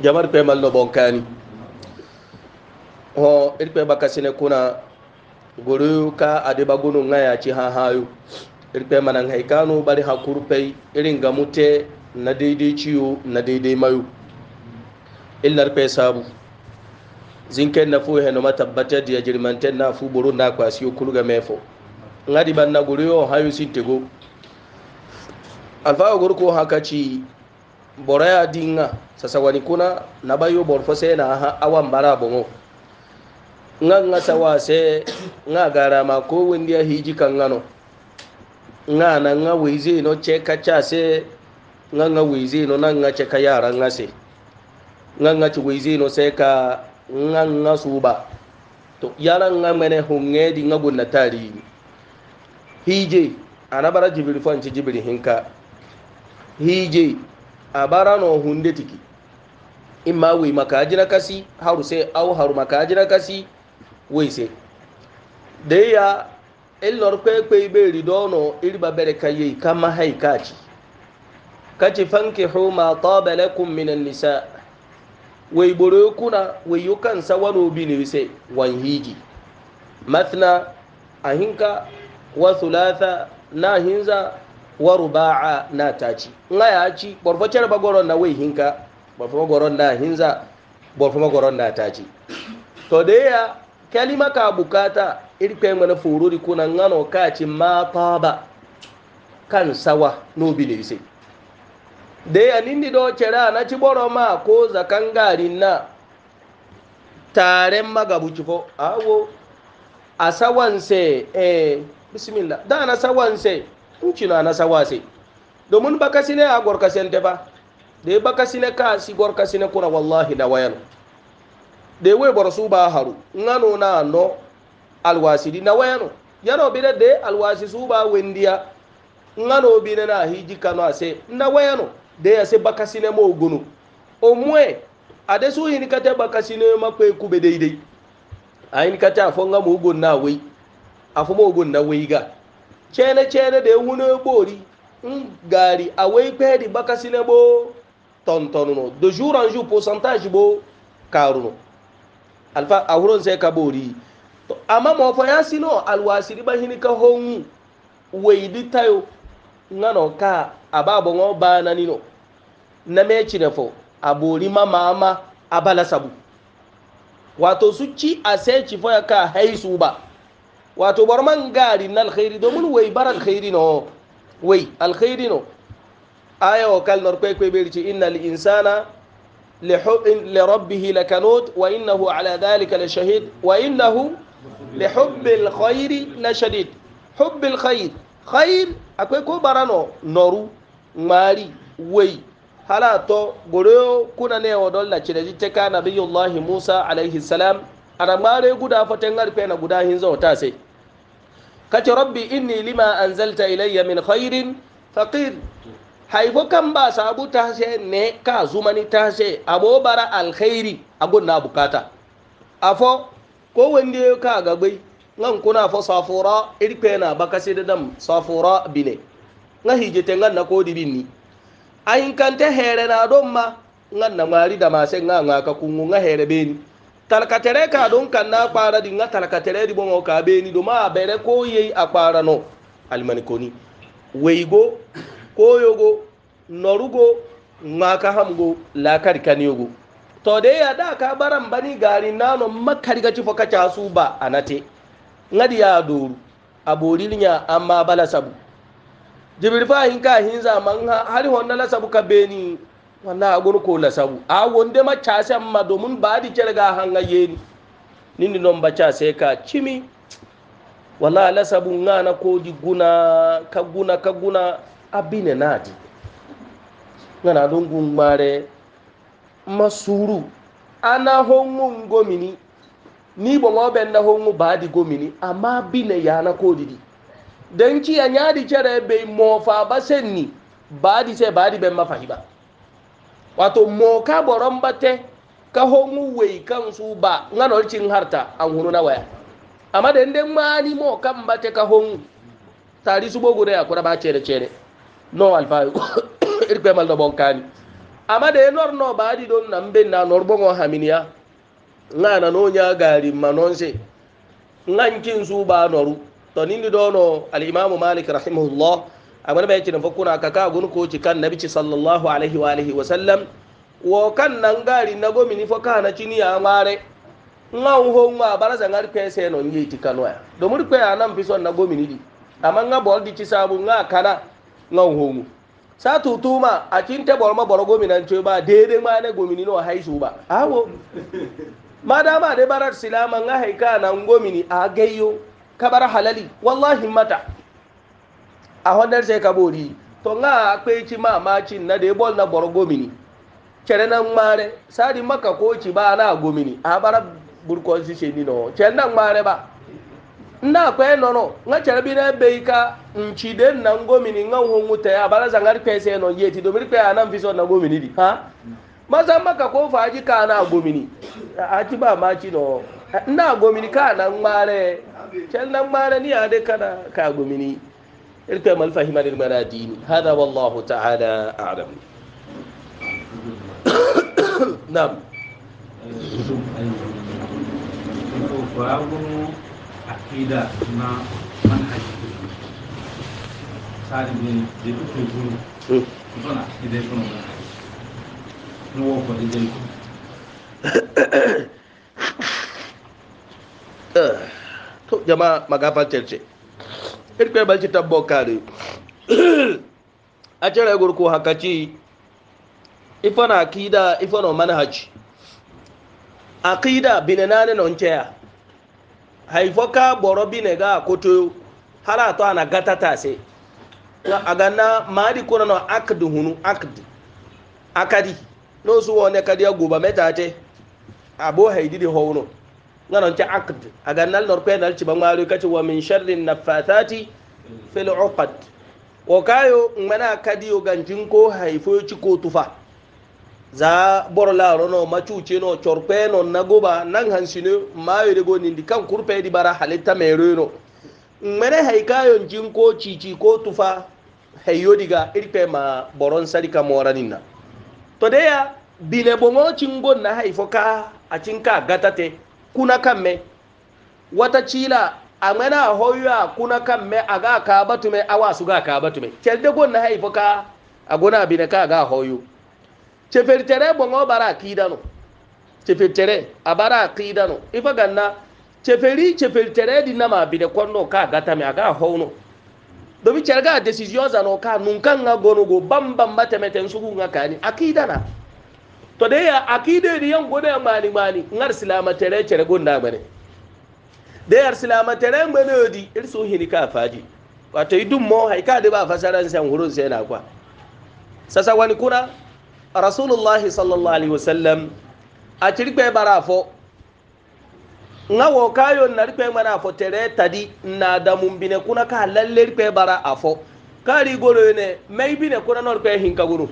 jamar pemal no bonkani ho ir pe bakasine kuna guru ka ade bagunu ngaya ci ha hayu ir pe manan hay kanu bari hakuru pei irin gamute na daidai ciyo na daidai mayu illar pe sabu zinken na fu he no mata batta dia jirmanten na fu buru na kwasi kuluga mefo ngadi banna guru yo hayu sintego alfa gorko hakachi boro ya dinŋa sasawani kuna nabayo boro fo se na aha awa mbara boŋo ŋa ŋa sawa se ŋa garama ko wendiya hiji kanŋa no ŋa na ŋa wize no che kacha se ŋa ŋa wize no na ŋa che kayara ŋa se ŋa ŋa che wize no se ka ŋa ŋa suba to yala ŋa mene huŋe di ŋa gunna tari hije anabara jibiri fo anche jibiri hinka hije abara no hunde tiki imma wai na kasi haru sai au haru na kasi wai sai da ya ilor kwekwe ibe ridono iriba bere kayi kama haikaci kaci fankihu ma taba lakum minan nisa wai bore kuna wai yukan sawano bi ne sai wan hiji mathna ahinka wa thulatha na hinza waru na taci nga ya ci borfo cere ba goron na wai hinka borfo goron na hinza borfo goron na taci to da ya kalima ka bukata irpe mana fururi kuna ngano ka ma taba kan sawa no bile sai da ya nindi do cere na ci boro ma ko zakan garin na taren magabuci fo awo a sawanse eh bismillah da na sawanse incina na sawase domin baka sine a gorka sente ba da ya baka sine ka si gorka sine kuna wallahi da wayano da ya waibar su ba haru ngano na no alwasi di na wayano yano bi da alwasi su ba wendiya ngano bi na na hiji kano ase na wayano da ya se baka sine mo gunu o mwe ade su hin kata baka sine ma kwe kube daidai a hin kata afonga mu gun na wai afuma gun na wai ga chene chene de wune bori n mm, gari awai pedi bakasine bo tontonuno de jour en jour pourcentage bo karuno alfa awuron sai ka bori to amma mo fa ya sino alwasiri ba hini ka hongu weidi tayo ngano ka ababo ngo ba nanino na meci na fo abori mama ama abala sabu wato su ci a sai ci fa ka haisu ba wato bar man gari na alkhairi domin wai bar alkhairi no wai alkhairi no aya wa kal nar kwaikwai bai rici inna li insana li rabbihi lakanut wa innahu ala dhalika la shahid wa innahu li hubbil khairi la shadid hubbil khair khair akwai ko barano noru mari wai halato goro kuna ne wa dolla ci da jitte ka musa alaihi salam ana mare guda fatan harfe na guda hin zauta sai kace rabbi inni lima anzalta ilayya min khairin faqir hayfo kamba sabu tase ne ka zumani tase abo bara alkhairi agon na bukata afo ko wende ka gagbai ngan kuna fo safura irpe na bakase da dam safura bine nga hijete ngan na kodi binni ayin kante here na don ma ngan na mari da mase nga nga ka kungu nga here beni talakatere ka don kan na kpara di nga talakatere di bongo ka be ni do ma bere ko ye a kpara no alimani koni weigo koyogo norugo ngaka hamgo lakari kaniyogo to ya da ka baran bani gari nano makari ga cifo kaca su ba anate ngadi ya doru aborinya amma bala sabu jibir fa hin ka hin zaman har honna la sabu ka beni wala agon ko la sabu a wonde ma chase amma domin ba di cerga hanga yen nini non ba chase ka chimi wala la sabu ngana ko di guna ka guna ka guna abine nadi ngana don gun mare masuru ana hongun gomini ni bo mo ben na hongu ba di gomini amma bine yana ko di dan ki anya di cere be mo fa ba senni ba di se ba di fahiba mafahiba wato moka boron bate ka hongu wei kan su ba nganol cin harta an hunu na waya amma da inda mani moka bate ka hongu tari su bogu da kura ba cere cere no alfayu irkwe mal da bonkani amma da nor no ba di don nan ben na nor bongo haminiya ngana no nya gari manonse ngan kin su ba noru to nindi dono al imam malik rahimahullah agana bai cinin fakuna kaka gun ko ci kan nabi ci sallallahu alaihi wa alihi wa sallam wo kan nan gari na gomi ni foka na cini ya mare nga ho nga bara za ngar pese no nyi ci kan waya do muri ko anan fi son na gomi ni di amma nga bol di ci sabu nga kana nga ho mu sa tutuma a cin te bol ma boro gomi nan ce ba dede ma ne gomi ni no haisu ba awo madama de barar silama nga haika na gomi ni a gayyo kabar halali wallahi mata a hondar sai kabori to nga akwai ci mamacin na da ya bol na boro gomini kere nan mare sari maka ko ci ba na gomini a bara burkon si sheni no kere nan mare ba nna akwai nono nga kere bi na ebe ka nci de na gomini nga hunwu te a bara zangar pese no yeti domin pe a nan fi so na gomini ha maza maka ko faji ka na gomini a ci ba ma ci no na gomini ka nan mare kere nan ni a de kana ka gomini ارتم الفهم للمرادين هذا والله تعالى أعلم نعم عقيدة ما منهج to irkwe balci tabbo kare a cire gurku hakaci ifana akida ifana manhaji akida bine nane non ceya haifoka boro bine ga koto hala to ana gatata se aganna madi kuna no akd hunu akd akadi no su wone kadi aguba ha abo haididi howno ngano ca aqd aga nal nor kwe nal ciba ngwaru kati wa min sharri nafathati fil uqad o kayo ngmana kadi o ganjin ko haifo ci ko tufa za bor la rono macuce no corpe no nagoba nan hansine mayo de go nindi kan kurpe di bara halitta mereno ngmene haikayo jin ko cici ko tufa hayo diga irpe ma boron sarika moraninna to deya bine bongo cingon na haifo ka a cinka gatate kuna kamme wata cila a mana hoya kuna kamme a ga ka batume awa su ga ka batume celde gon na haifa ka a gona bine ka ga hoyo cefertere bongo bara akidano cefertere a bara akidano ifa ganna ceferi cefertere di nama bine konno ka gata me aga hono domin cerga decision zano ka nun kan ga bam bambam matemeten sugun ga kani akidana to de ya akide ni yan gode mani mani ngar silama tere tere gonda bane de yar silama tere mbene odi irso hini ka faji wato idun mo hay ka de ba fasaran san hurun sai na kwa sasa wani kuna rasulullahi sallallahu alaihi wasallam a cirkwe bara fo nga wo kayo na rikwe mana fo tere tadi na da mumbine kuna ka lalle rikwe bara afo kari goro ne mai bine kuna no rikwe hinka guru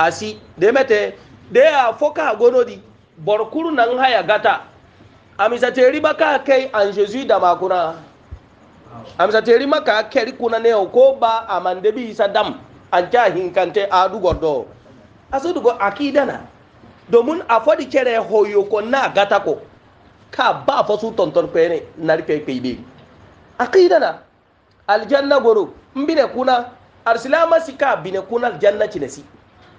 asi demete de a foka gonodi borkuru nan haya gata amisate riba ka kai an jesus da makuna amisate riba ka keri kuna ne ko ba amande bi isa an ja hinkante adu gordo asudu go akidana domin a fadi kere hoyo ko na gata ko ka ba fa su tonton pene nari pe pe bi akidana aljanna goro mbine kuna arsilama sika bine kuna aljanna cinesi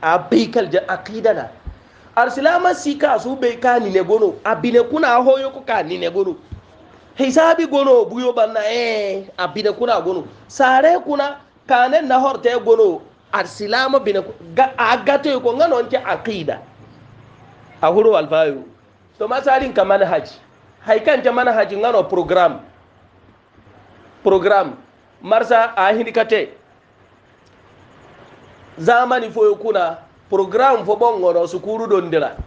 a baikal ja aqidana arsilama sika su be ka ni ne gono abine kuna hoyo ko ka ni ne gono hisabi gono buyo banna eh abine kuna gono sare kuna kane na horte gono arsilama bine ga agato ko ngano nke aqida a huru alfayo to masarin ka manhaj haikan ta manhajin ngano program program marsa a hinikate zamani foyo kuna programme fo bongono sukuru dondira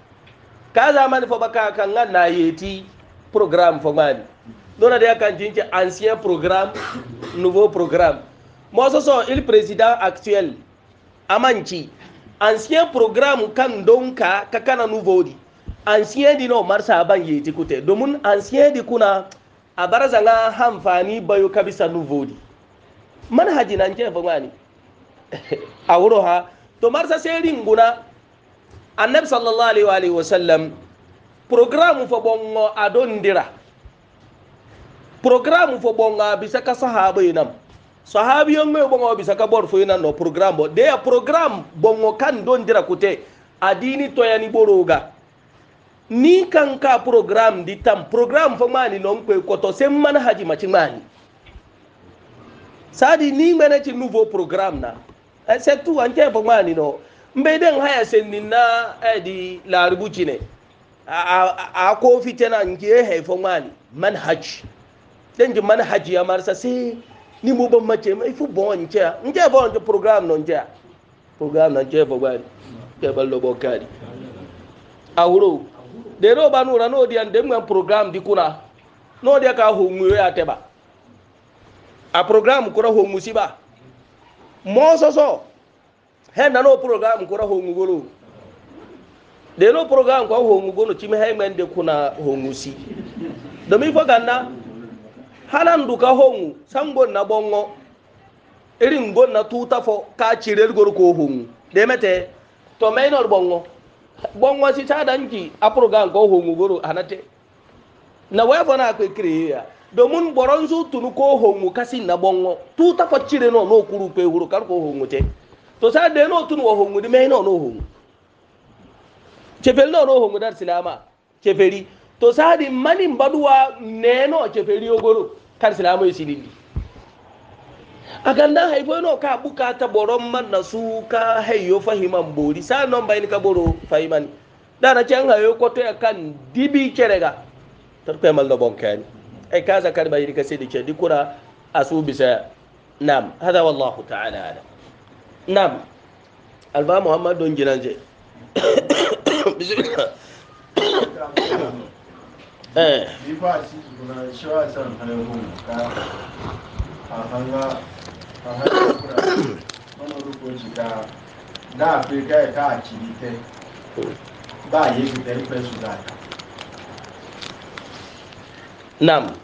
ka zamani fo baka kanga na yeti programme fo mani dona de kan jinje ancien programme nouveau programme mo so so il président actuel amanci ancien programme kan donka ka kana nouveau di ancien di no marsa ban yeti kute domun ancien di kuna a nga hamfani bayo kabisa nouveau di manhaji nan ke fo mani awuroha to marsa seri nguna annabi sallallahu alaihi wa alihi wasallam programu fo bongo adondira programu fo bongo bisa ka sahaba inam sahabi yongo bongo bisa ka bor fo ina no program bo de program bongo kan dondira kute adini to yani boroga ni kan ka program di tam program fo mani non pe koto sem manhaji machi mani sadi ni mene ci nouveau programme na settu anke fo mani no mbeden haya sennin na edi eh, laribu cine a kofi tana nke haifon mani manhaj danji manhaj ya marsa sai ni mu ban mace mai fu bon nke nke bon nke program non nke program non nke fo mani ke ballo bokari a wuro da ro ba nura no dian dem ngan program di kuna no dia ka ho ngwe ateba a program kura ho musiba mososo hen nano programme kura hongugolo de no programme ko hongugono cimi hay men de kuna hongusi domi fo ganna halan duka hongu sangon na bongo irin gon na tuta fo ka cirel gor ko hongu de mete to mainol bongo bongo si ta danki a program ko hongugoro hanate na wefo na kwe ya domin boron su tunu ko hongu kasi na bongo tu ta facire no no kuru pe huru kar ko hongu te to sa de no tunu wo hongu di me no no hongu chefel no no hongu dar silama cheferi to sa di mani baduwa ne no cheferi ogoro kar silama yisilindi aganda haifo no ka bukata boron man na su ka hayo fahiman bori sa non bayin ka boro fahimani dana can hayo kwato ya kan dibi kerega tarkai mal da bonkani ay kaza kalma yirka sai da ke dikura a su bisa nam hada wallahu ta'ala ala nam alba muhammad don ginan je bismillah eh ifa shi guna shawa san halagun ka a hanga a hanga kura wannan rukoci ka da afirka ka a cirite ba a yi fitar fesu da nam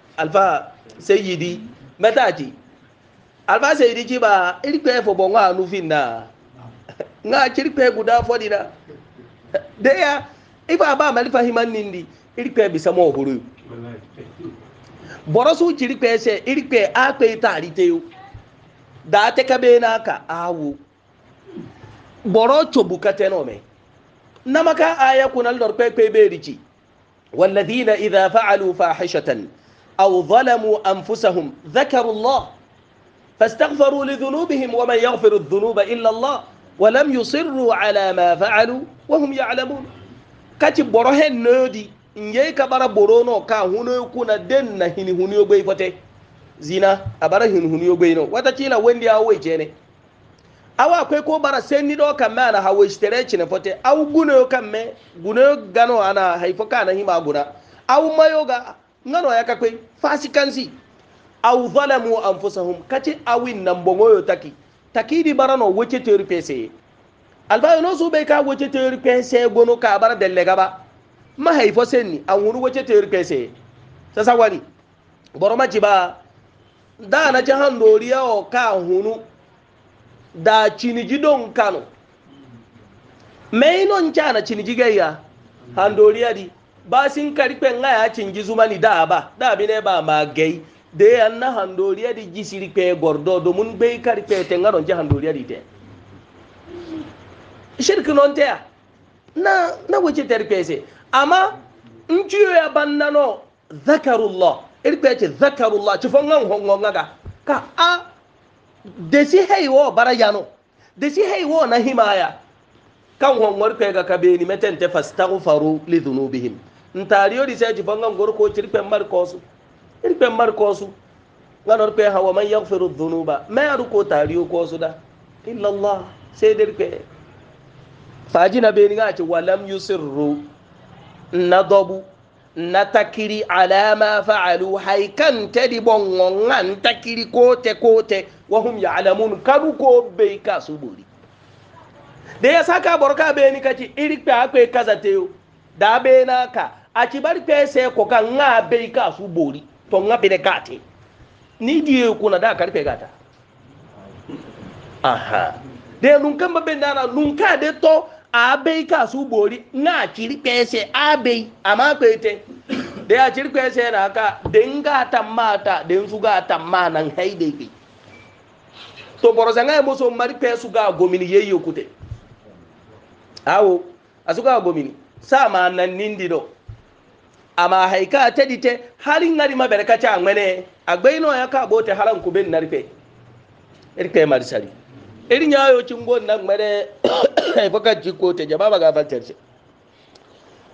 alfa seyidi metaji alfa seyidi ciba iri kpe fobo ŋa anufinna ŋa ciri kpe guda fodina deya ifa ba mali fahiman nindi iri kpe bisamo huru borosu ciri kpe se iri kpe a kpe tari teyo da te kabe na ka awu boro cobu katenome namaka aya kunal dor kpe kpe berici والذين إذا فعلوا فاحشة أو ظلموا أنفسهم ذكروا الله فاستغفروا لذنوبهم ومن يغفر الذنوب إلا الله ولم يصروا على ما فعلوا وهم يعلمون كاتي بروهن نودي نجي كبار برونو كا هنو يكون دن هني هنو يبوي فتي zina a bara hunhun yo gbeino watakila wendi a wo jene awa akwai ko bara senni do kan me ana hawo istere chine fote au guno yo kan me guno yo gano ana haifo kana hima guna au mayoga ngano ya kakwe fasikansi aw zalamu anfusahum kati awin nan bongoyo taki taki di barano wece teori pese albayo no su bai ka wece teori pese gono ka bara dalle gaba mahaifo senni an wuri wece teori pese sasa wani boro maci ba da na ci handoriya o ka hunu da ciniji don kano mai non cana ciniji gayya handoriya di basin karikpe nga ya cinji zumani da ba da bi ne ba ma gai de an na handoriya di jisiri pe gordo domin bai karikpe te nga ronje handoriya di te shirki non te na na wuce tarikpe se amma in ciyo ya banna no zakarullah irikpe ce zakarullah ci fon ngan hongo nga ka a desi heiwo bara yano desi heiwo na himaya kan hongor pe ga kabeni metente fastaghfaru li dhunubihim ntariyo di sai jifan gan gorko cirpen markosu irpen markosu ganor pe hawa man yaghfiru dhunuba me aru ko tariyo ko su da illa allah sai dir pe faji na be ni ga ci walam yusirru nadabu na takiri alama fa'alu haikan ta dibon wannan takiri kote kote wahum ya alamun kadu ko bai ka su bori ya saka barka bai ni kaci iri pe akwe da bai naka aci bari pese ko ka nga be ka bori to nga be ka te ni di ko na da karfe gata aha de nun kan be ndara nun ka de to a be ka su bori nga ciri pese a be ama pete de a ciri pese na ka de nga ta mata de su ga ta manan haide ke to borosa nga mo so mari pesu ga gomini yeyo kute awo asuka gomini sama nan nindi do ama haika ta dite halin nari ma berkaci a ngwene a gbaino ya ka bote halan ku ben narfe irpe marsari irin yayo cingo na ngwene fakan ciko te jama ba gafar terse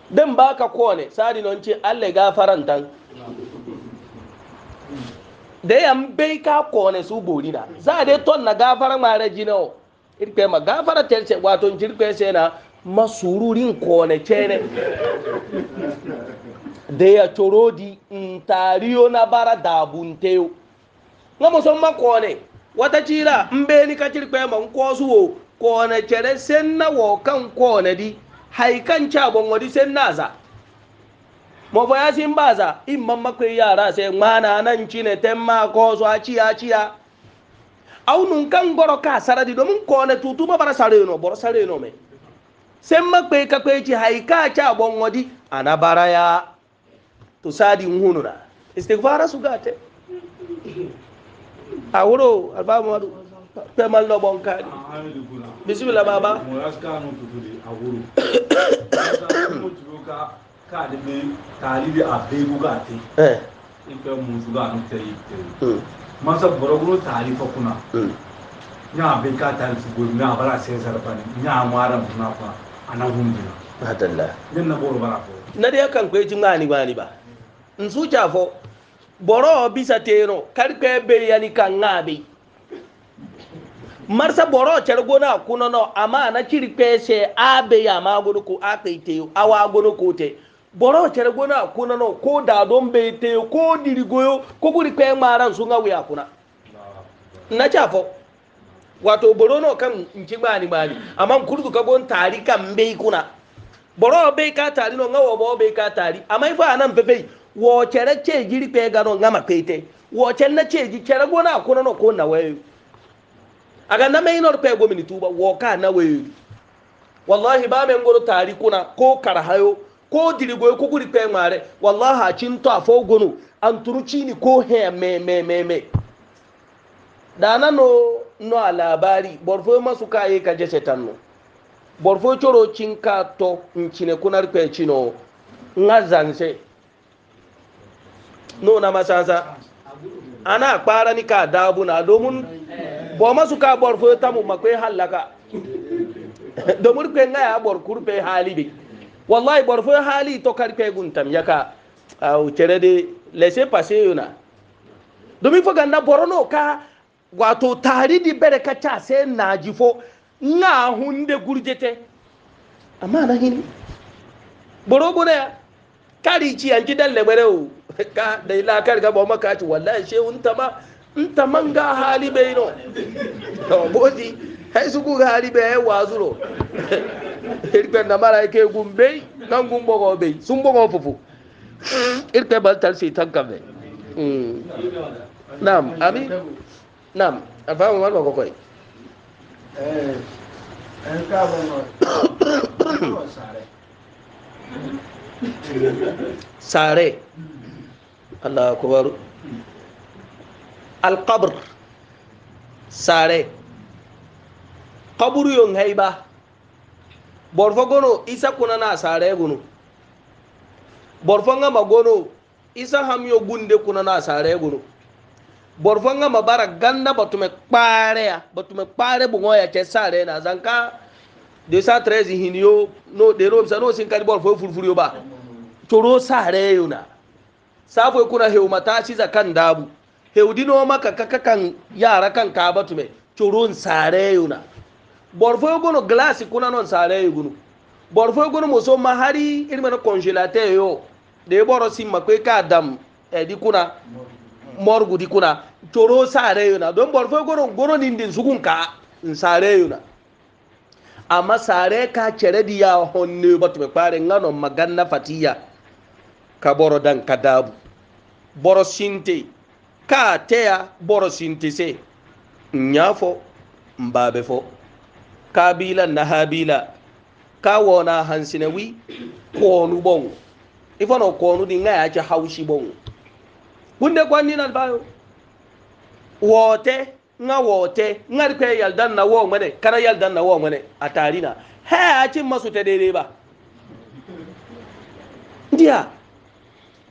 dan ba ka kone sari non ce alle gafaran tan da yan bai ka kone su borina za dai ton na gafaran mare jinawo irpe ma gafara terse wato jirpe sai na masururin kone cene deya corodi ntariyo na bara dabunteyo nga musamman kone wata cila mbeni kacir kpema nkosuwo kone cere senna wo kan kone di haikan cabon wadi senna za mafo ya sin baza in mamma kwe yara sai ngwana nan cine temma koso a ciya ciya aunun kan goro ka saradi domin kone tutuma bara sareno bor sareno me sen makpe ka kwe ci haika cabon wadi ana baraya to sadi hunura istighfara su gate a wuro albamu wadu pemal no bon kadi bismillah baba mo yaska no tutuli a wuro ka ka de me talibi a bebu gate eh ipe mu su ga no tayi tayi hmm. masa boroguro talifa kuna hmm. nya be ka talifu go nya bara sai sarfani nya mara muna kwa anan hundina madalla nan na boro bara ko na dai kan kwe jin ngani bani ba nsu cafo boro bisa teno karpe be yani kangabe marsa boro chargona kunono ama na ciri pese abe ya magodo ko akaite awa godo ko te boro chargona kunono ko da don be te ko dirigoyo ko guri pe maran su ngawe akuna na cafo wato boro no kan nci ni mani amma kurdu ka gon tari kan be kuna bọrọ be ike tari no nga wobo be ike tari ama fa anan pepe wo chere che jiri pe ga no nga mapete wo chere na che ji chere go na ko no ko na we aga na me no pe go mini tuba wo ka na we wallahi ba me ngoro tari kuna ko karhayo ko dirigo ko guri pe mare wallahi a cin to afo gono an turuci ni ko he me me me me dana no no labari borfo masu kaye ka je setan no borfo coro cinka to ncine kunar pecino nga zanse nona masasa ana kparani ka na domun, boma su ka borfo tamu makwe halaka, domin kwe nga ya borkur pe hali bi wallahi borfo hali to karpe guntam yaka au cere de laisser passer yona domin fo ganda borono ka wato tari di bere ka ca sai nga hunde gurjete amana na hini borogo ne kari ci yanki dalle bare o ka da ila kar ga ba maka ci wallahi she un tama un taman ga hali bai no to bodi hay su ku ga hali bai wa zuro irpe na mara ke gumbe nan gumbo go bai sun bogo fufu irpe bal tal sai tan kambe hmm. nam ami nam afamu mal ba ko koy sare allah akbar alqabr sare qaburu yon hayba borfo gono isa kunana sare gono borfo ngama gono isa hamyo gunde kunana sare gono borfonga mabara ganda batume kpare ya batume kpare bungo ya che sare na zanka 213 hinio no de rom sa no sin kali borfo fulfuriyo ba choro sare yuna safo kuna heu mata shi zakan dabu heu dino maka kakakan yara kan ka batume choro sare yuna borfo gono glass kuna non sare yugo borfo gono moso mahari irmana congelateur yo de boro simma kwe ka dam edi kuna morgudi kuna coro sare yuna don bor fo goro goro nin din sugun ka sare yuna amma sare ka cere di ya honne batu be pare ngano maganna fatiya ka boro dan kadabu boro sinte ka teya boro sinte se nyafo mbabe fo kabila na habila ka wona hansinawi konu bon ifono konu di ngaya ci haushi bon bunde kwanninal bayo wote nga woote ngari kwe yaldan na wo ngwene kana yaldan na wo ngwene a tarina a cin masu ta daidai ba ndiya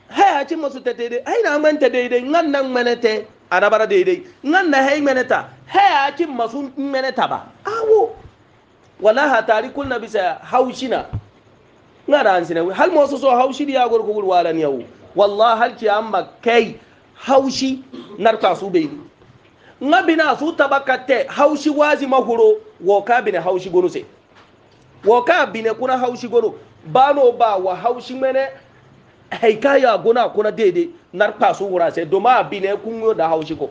he a cin masu ta daidai ai na ngwen ta daidai ngan nan ngwene te anabara daidai ngan na hei ngwene ta he a cin masu ngwene ta ba awo wala ha tari kunna bisa haushina ngara ansina hal mo so so haushi dia gorko wala niyawo wallahi har kiyama kai haushi narka su bai nga bina su tabakate haushi wazi mahuro wo ka bine haushi gonu se wo ka bine kuna haushi gonu bano ba wa haushi mene haikaya gona kuna dede narka su wura se doma bine kunyo da haushi ko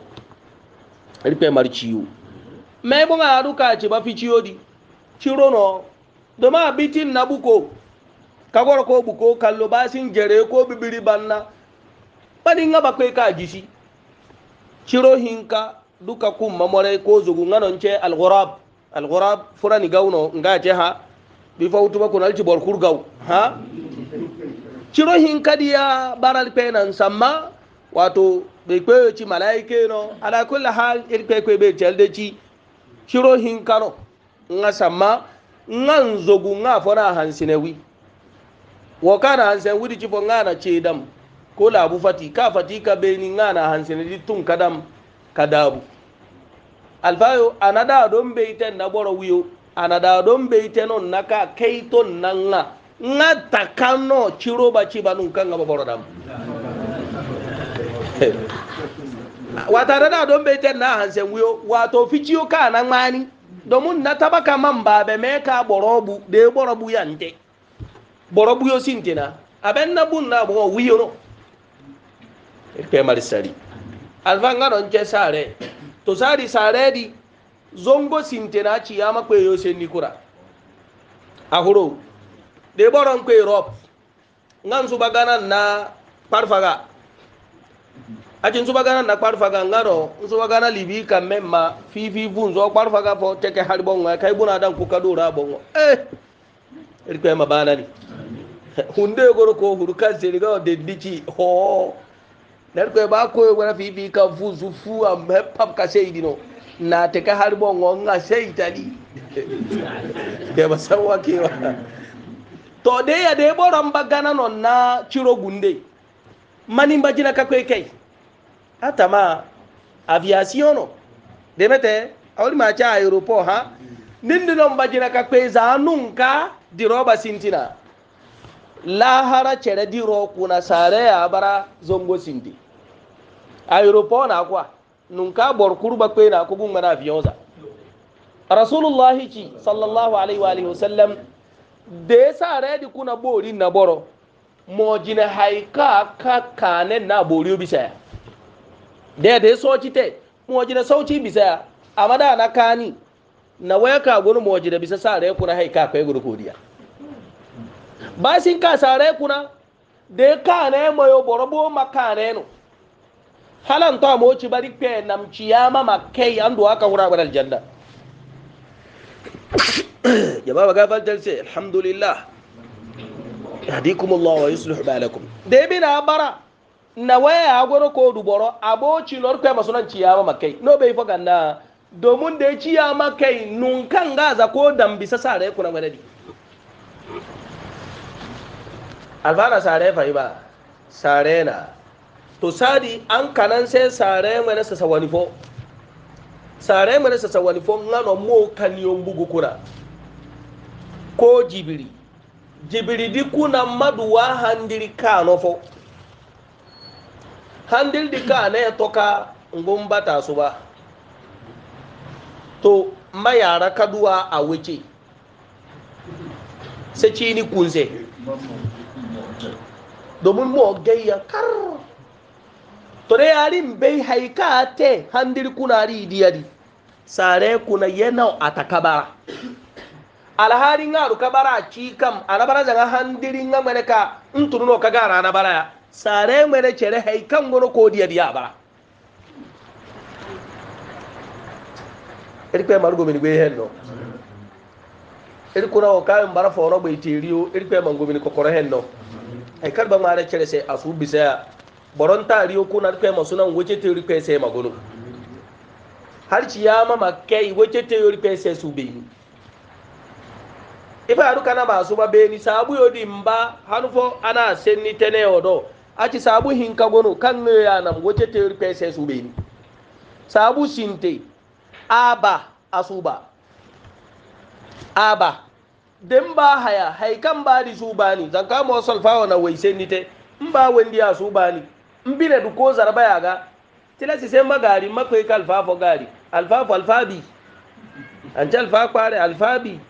ripe mar ciwo mai bunga aruka ci ba fi ciwo di ciro no doma bitin nabuko kagoro ko buko kallo basin jere ko bibiri banna bani nga bakwe ka jisi ciro hinka duka kumma more ko zugu nganon ce alghurab alghurab furani gauno nga je ha bi fawtu ba kunal ci bor kurgaw ha ciro hinka diya baral penan samma wato bai kweyo ci malaike no ala kulli hal ir kwe kwe be jalde ci ciro hinka no nga samma nga nzogu nga fona hansinewi Wakana kana hansen wudi ci ngana ce kola ko labu fati ka fati ka beni ngana hansen di tun kadam kadabu alfayo anada don be iten na boro wiyo anada don be on naka keito nanga nga takano chiroba chiba ci banun kan ga boro dam wata don be iten na hansen wiyo wato ficiyo ka na ngani domin na tabaka mamba ba be me ka de borobu bu yante boro buyo sintina aben na bun na bon wuyo no irpe mari sari alfanga don ce sare to sari sare di zongo sintina ci ya makwe yo sen nikura ahuro de boron kwe rop ngan su bagana na parfaga aci nsubagana na kparfaga ngaro nsubagana libi ka memma fifi vu nzo kparfaga fo teke hari kai buna dan kuka dura bongo eh baana ni hunde goro ko huru kan seri ga de dici ho nar ko ba ko wala fi fi ka fuzu fu am pap ka sei dino na te ka har bo ngonga sei tali ke ba sawa ke wa to de ya de boron bagana non na ciro gunde mani mbajina ka kwe kai atama aviation no demete awli ma cha aeroport ha nindi non mbajina ka kwe zanun ka diroba sintina lahara cere diro kuna sare ya bara zongo sindi aeroport na kwa nunka bor kurba na kugun mana fiyoza rasulullahi ci sallallahu alaihi wa alihi wasallam da sare di kuna bori na boro mojina haika ka kane na bori bisa ya da da soci te mojina sauci bisa ya amada na kani na waya ka gonu mojina bisa sare kuna haika kai gurkodiya basin ka sare kuna de kane moyo borobo makane no halan to mo ci bari pe nam ci yama makai ando aka wura bar aljanna jababa ga bal dalse alhamdulillah yahdikum allah wa yuslih balakum de bina bara na waya agoro ko du boro aboci lor pe masunan ci yama makai no be fo ganna domin da ya ci yama kai nun kan gaza ko dambisa sare kuna wadadi alfana sare fai ba sare na to sadi an kanan sai sare mana sa sawani fo sare mana sa sawani fo ngano mo kaniyon bugu kuna ko jibiri jibiri di kuna maduwa handiri kano fo handiri di kana toka ngun bata su to mayara kaduwa a wuce sai ni kunse domin mu gayya kar to dai yarin bai haika te handir kunari diyadi sare kuna yana atakabara alharin aru kabara ci kam anabara zanga handirin ga mere ka nturuno ka gara anabara ya sare mere chere haikan gono ko diyadi ya bara erikpe marugo mini gbe hen no erikuna o kayan bara foro gbe teriyo erikpe mango mini kokoro hen no ay karba mara kere sai asu bisaya boron tariyo ko na kai masu nan wace teori kai sai magono har ci ya mama kai wace teori kai sai su beni ifa aru kana ba su ba beni sabu yodi mba hanfo ana senni tene odo aci sabu hinka gono kan ne ya nam wace teori kai sai su beni sabu sinte aba asuba aba den ba haya hay kan ba di su bani zan ka mo solfa na waise ni te in ba wendi ya su bani in bire du ko zarba ya ga tila si sai magari makwai ka alfafo gari alfafo alfabi an ci alfa kware alfabi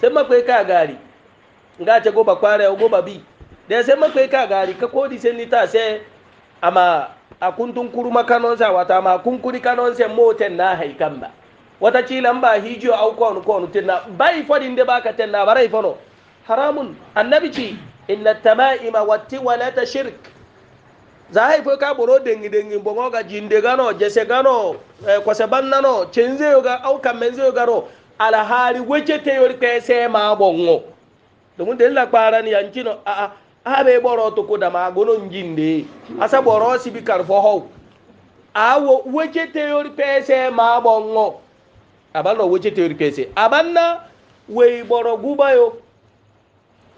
sai makwai ka gari nga ce goba kware goba bi da sai makwai ka gari ka kodi sai ni ta sai ama akuntun kuru makanon sa wata ma kunkuri kanon sai moten na haikan ba wata kila ba hijo au ko on ko on tinna bai fodin de baka tinna barai fono haramun annabi ci inna tamaima watti wala ta shirk zahai fo ka boro dengi dengi bongo ga jinde gano jese gano eh, kwase bannano cenze ga au kamenze ga ro alhari weche te yori kese ma bongo domin da la kpara ni yankino a a abe boro to ko da ma gono jinde asa boro sibi karfo ho awo weche te yori kese ma bongo aballo woje teori pese abanna wey boro gubayo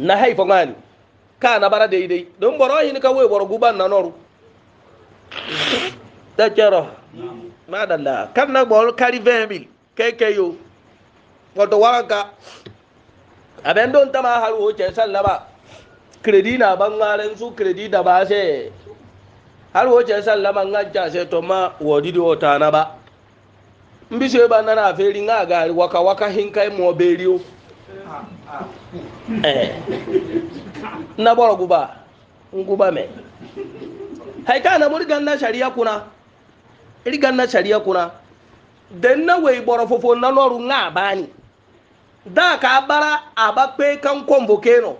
na haifo ngani ka na bara dai dai don boro hin ka wey boro guban na noru da jero madalla kan na boro kari vemil keke yo wato waranka abin don ta ma har wuce sallah ba kredi na ban ngaren su kredi da ba sai har wuce sallah man ngajja sai to ma wodi do ta na ba mbise ba nana aferi nga agari waka waka hinkai mo berio eh na boro guba nguba me haika na muri ganna sharia kuna iri ganna sharia kuna den na wei boro fofo na loru nga bani da ka bara abakpe kan convoke no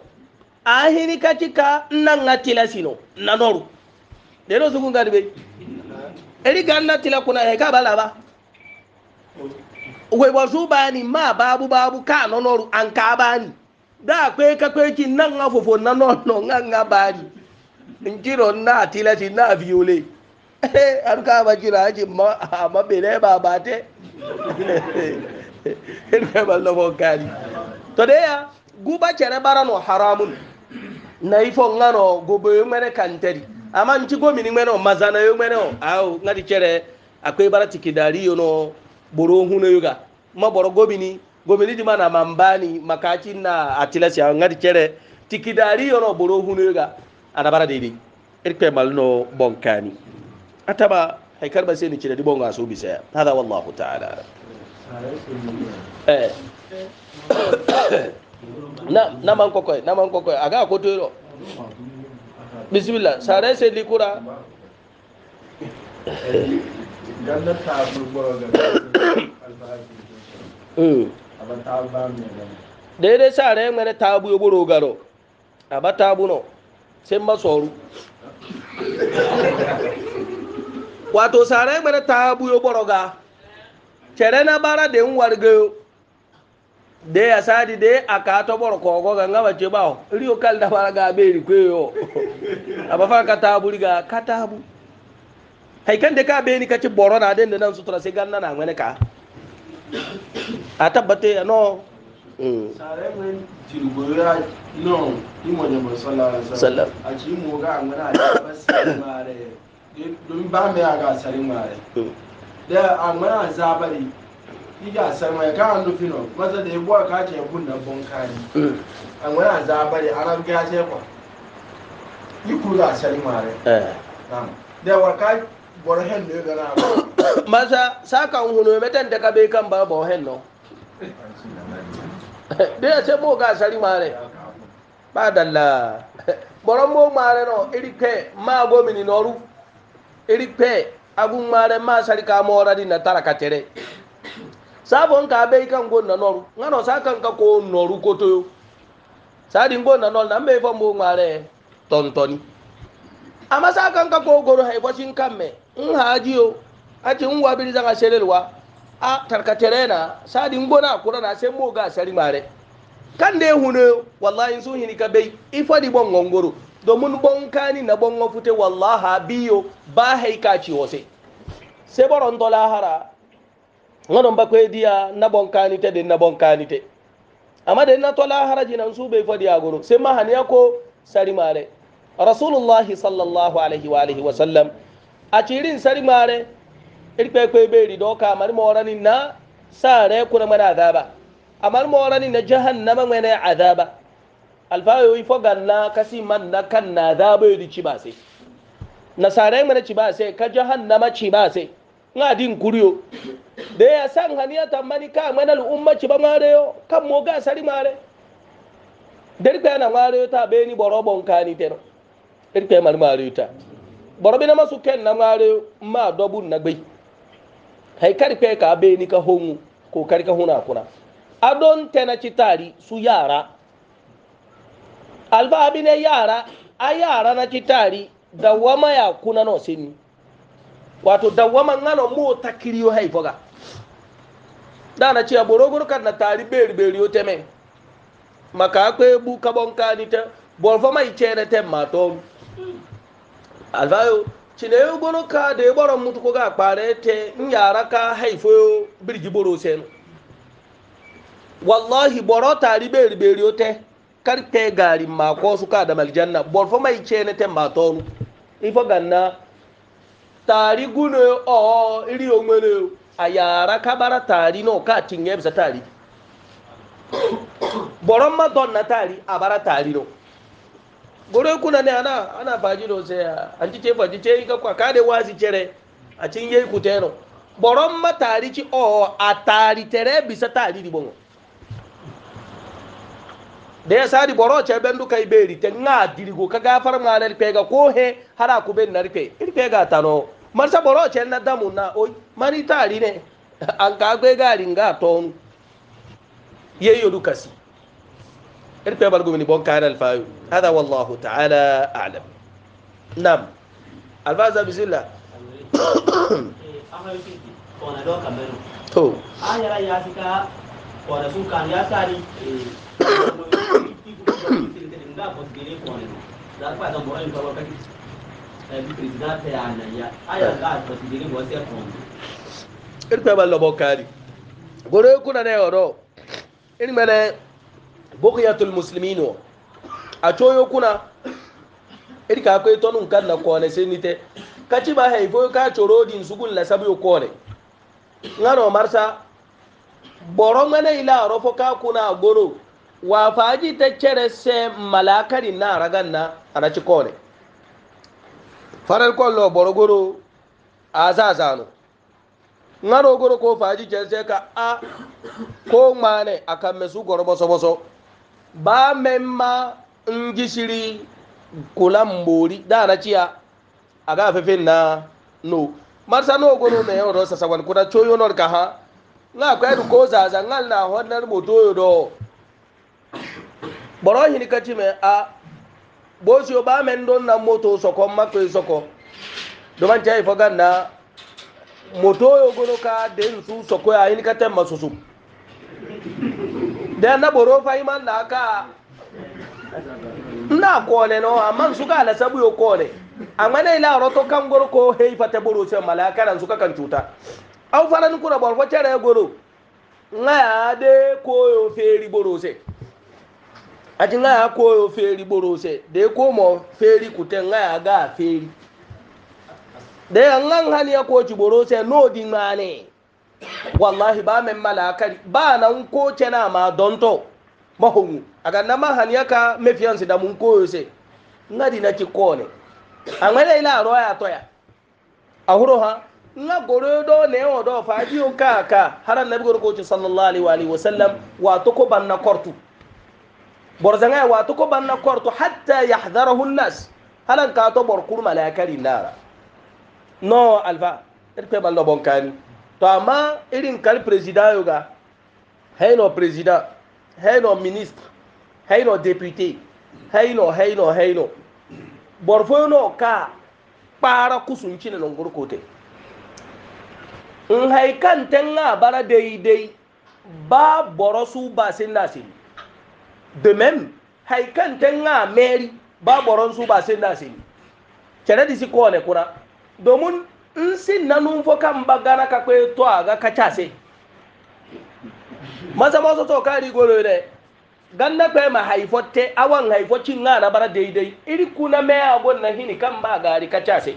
ahini kachika na nga tilasino na noru deno sugunga dibe iri ganna tilakuna heka balaba wai wasu bani ma babu babu ka nono an ka bani da kwe ka kwe ki nan nga fofo na nono nga nga bani nkiro na tila si na viole ee, ka ba kira ji ma ma bele ba ba te en ka ba lo kari to de ya guba chere bara no haramun na ifo nga no gobe mere kanteri ama nchi gomini mere o mazana yo mere o au ngati chere akwe bara tikidari yo nọ. boro huna yuga ma boro gobini gomini di mana mambani makachi na atilasi ngati chere tikidari yono boro huna yuga anabara dedi irke malno bonkani ataba haikar ba sai ni chere di bonga so bisa hada wallahu ta'ala eh na na man kokoy na man kokoy aga ko to bismillah sare se likura Dede ta gurgurwa ga abata ba mai gani daidai sa mere ta yoboro garo abata bu no semba ma soru wato sare mere ta bu yoboro ga cere na bara de nwar gayo de ya sadi de aka to bor ko go ga ngaba ce bawo rio kal da bara ga be ri kweyo abafa ka tabu riga ka tabu haikan da ka beni kaci boro na den da nan sutura sai ganna na ngane ka a tabbate eh, no sare mun tilgura no imo ne mun sallallahu a ci mu ga ngana da basai mare don ba me aga sare mare da amana zabari iga sare mare ka an dufino maza da yabo ka ce kun da bonkani amana zabari arab ga ce kwa ikuru da sare mare eh da um, waka bɔrɔ hɛn gana a bɔ. masa saa kan hunu mɛ tɛ n tɛ ka bɛ i kan ba bɔrɔ nɔ. de se mo ka sari ma dɛ. ba dala bɔrɔ mo ma nɔ eri pɛ maa go mini nɔru eri pɛ agun ma maa sari ka mɔ ra di na tara ka tɛrɛ. saa fɔ n ka bɛ i kan ko na nɔru n ka nɔ saa kan ka ko nɔru ko to yo saa di n na nɔru na n bɛ fɔ mo ma dɛ tɔntɔni. amma sa kan ka kogoro haifashin kan mai n hajiyo ati n wa biri zaga selelwa a tarkaterena sadi n gona kurana sai mo ga sari mare kan da hune? huno wallahi sun hini ka bai ifadi bon ngongoro domin bon kani na bon fute wallaha biyo ba haika ci wose sai boron dola hara ngadon ba kwe dia na bon kani te de na bon kani te amma da na tola hara jinan su bai fadi agoro sai mahaniya ko sari mare rasulullah sallallahu alaihi wa alihi wa sallam acirin sari mare irpe kwe beri doka amar morani na sare kuna mana azaba amar morani na jahannama mana azaba alfayo ifo ganna kasi man na kan na azaba yodi cibase na sare mana cibase ka jahannama cibase nga din kuriyo da ya san haniya tambani ka mana al'umma ciba mare yo kan mo ga sari mare dirpe na mare yo ta beni borobon kani teno irpe mar mare yo ta borobina masu ken na ngare ma dobu na gbe hay kari pe ni ka hongu ko kari ka huna kuna adon tena citari su yara alfa abine yara a yara na citari dawama ya kuna no sini wato dawama ngano mo takiriyo hay foga dana ci aborogoro kan na tari beri beri o teme maka akwe bu kabon kanita bolfama ichere tem matom alfayo cine gono ka da ya baron mutu ko ga kpare te in yara ka haifo birgi boro sen wallahi boro tari be riberi ote karte gari ma ko su ka da maljanna borfo mai cene te ma tonu ifo ganna tari guno o iri onwere a yara ka bara tari no ka tinye bisa tari boron ma donna tari a bara tari no gore kuna ne ana ana faji do sai anti ce faji ce ga kwa ka de wasi cere a cin yayi kutero boron matari ci o a tari tere bisa tari di bongo da ya sari boro ce ben duka iberi te nga dirigo ka gafar ma na rife ga ko he hara ku ben na rife rife ga tano marsa boro ce na damu na oi mani tari ne an ka gwe garin ga ton yeyo dukasi eri kpe balgu mini bon kaana alfayu hada wallahu ta'ala a'lam nam alfaza bismillah to ayara ya sika kwana sun kan ya sari eri kpe balgu bon kaari gore kuna ne yoro eri mene bughyatul muslimino acoyo kuna iri ka akwai tonun kan na kone sai ni te kaci ba haifo ka coro din sugun la sabu kone ngano marsa boro ngane ila rofo ka kuna goro wa faji ta cere se malakari na ragan na anaci kone farar kwallo boro goro a sa sano ngano goro ko faji cere ka a ko mane akan mesu goro boso boso ba memma ngishiri kula mbori dana ciya aga fefe na no marsa no gono na yau rosa sawan kuna coyo nor ka ha nga kai ko zaza ngal na honnar moto yo do boro hini kati me a bosi ba men don na moto soko makko soko do man jai fogan na moto yo gono ka den su soko ya hini kata masusu da na boro fa iman da aka na kone no amma su ka la sabu yo kone amma ne la roto kan goro ko hei fata boro sai malaka ran su ka kan cuta au faran ku na bor fa tare goro ngaya de ko yo feri boro aji ati ngaya ko yo feri boro sai de ko mo feri ku te ya ga feri de ngang hali ya ko ci boro no di ngane wallahi ba men malakari ba nan ko cena ma donto mahungu aga na mahaniya ka mefiyansi da mun koyo se ngadi na ki kone angwele ila roya toya ahuro ha nga goro do ne o do faji o ka ka haran nabi goro ko ci sallallahu alaihi wa sallam wa to ko banna kortu borzanga wa to ko banna kortu hatta yahdharahu nas halan ka to bor kur malakari nara no alfa irpe ballo bonkani to amma irin kal president yoga haino president haino ministre haino député haino haino haino borfono ka kpara kusunci na longur kote in haikan ten a bara daidai ba boro su ba sin de même haikan ten a meri ba boron su ba sin da sin kere disi kowane kuna nsi nanumvo kambagana kakwetwaga kachase masa maso to kaligolore ganna kwema haifotte awan haifo cingana bara deidei iri kuna me agon na hini kambagari kachase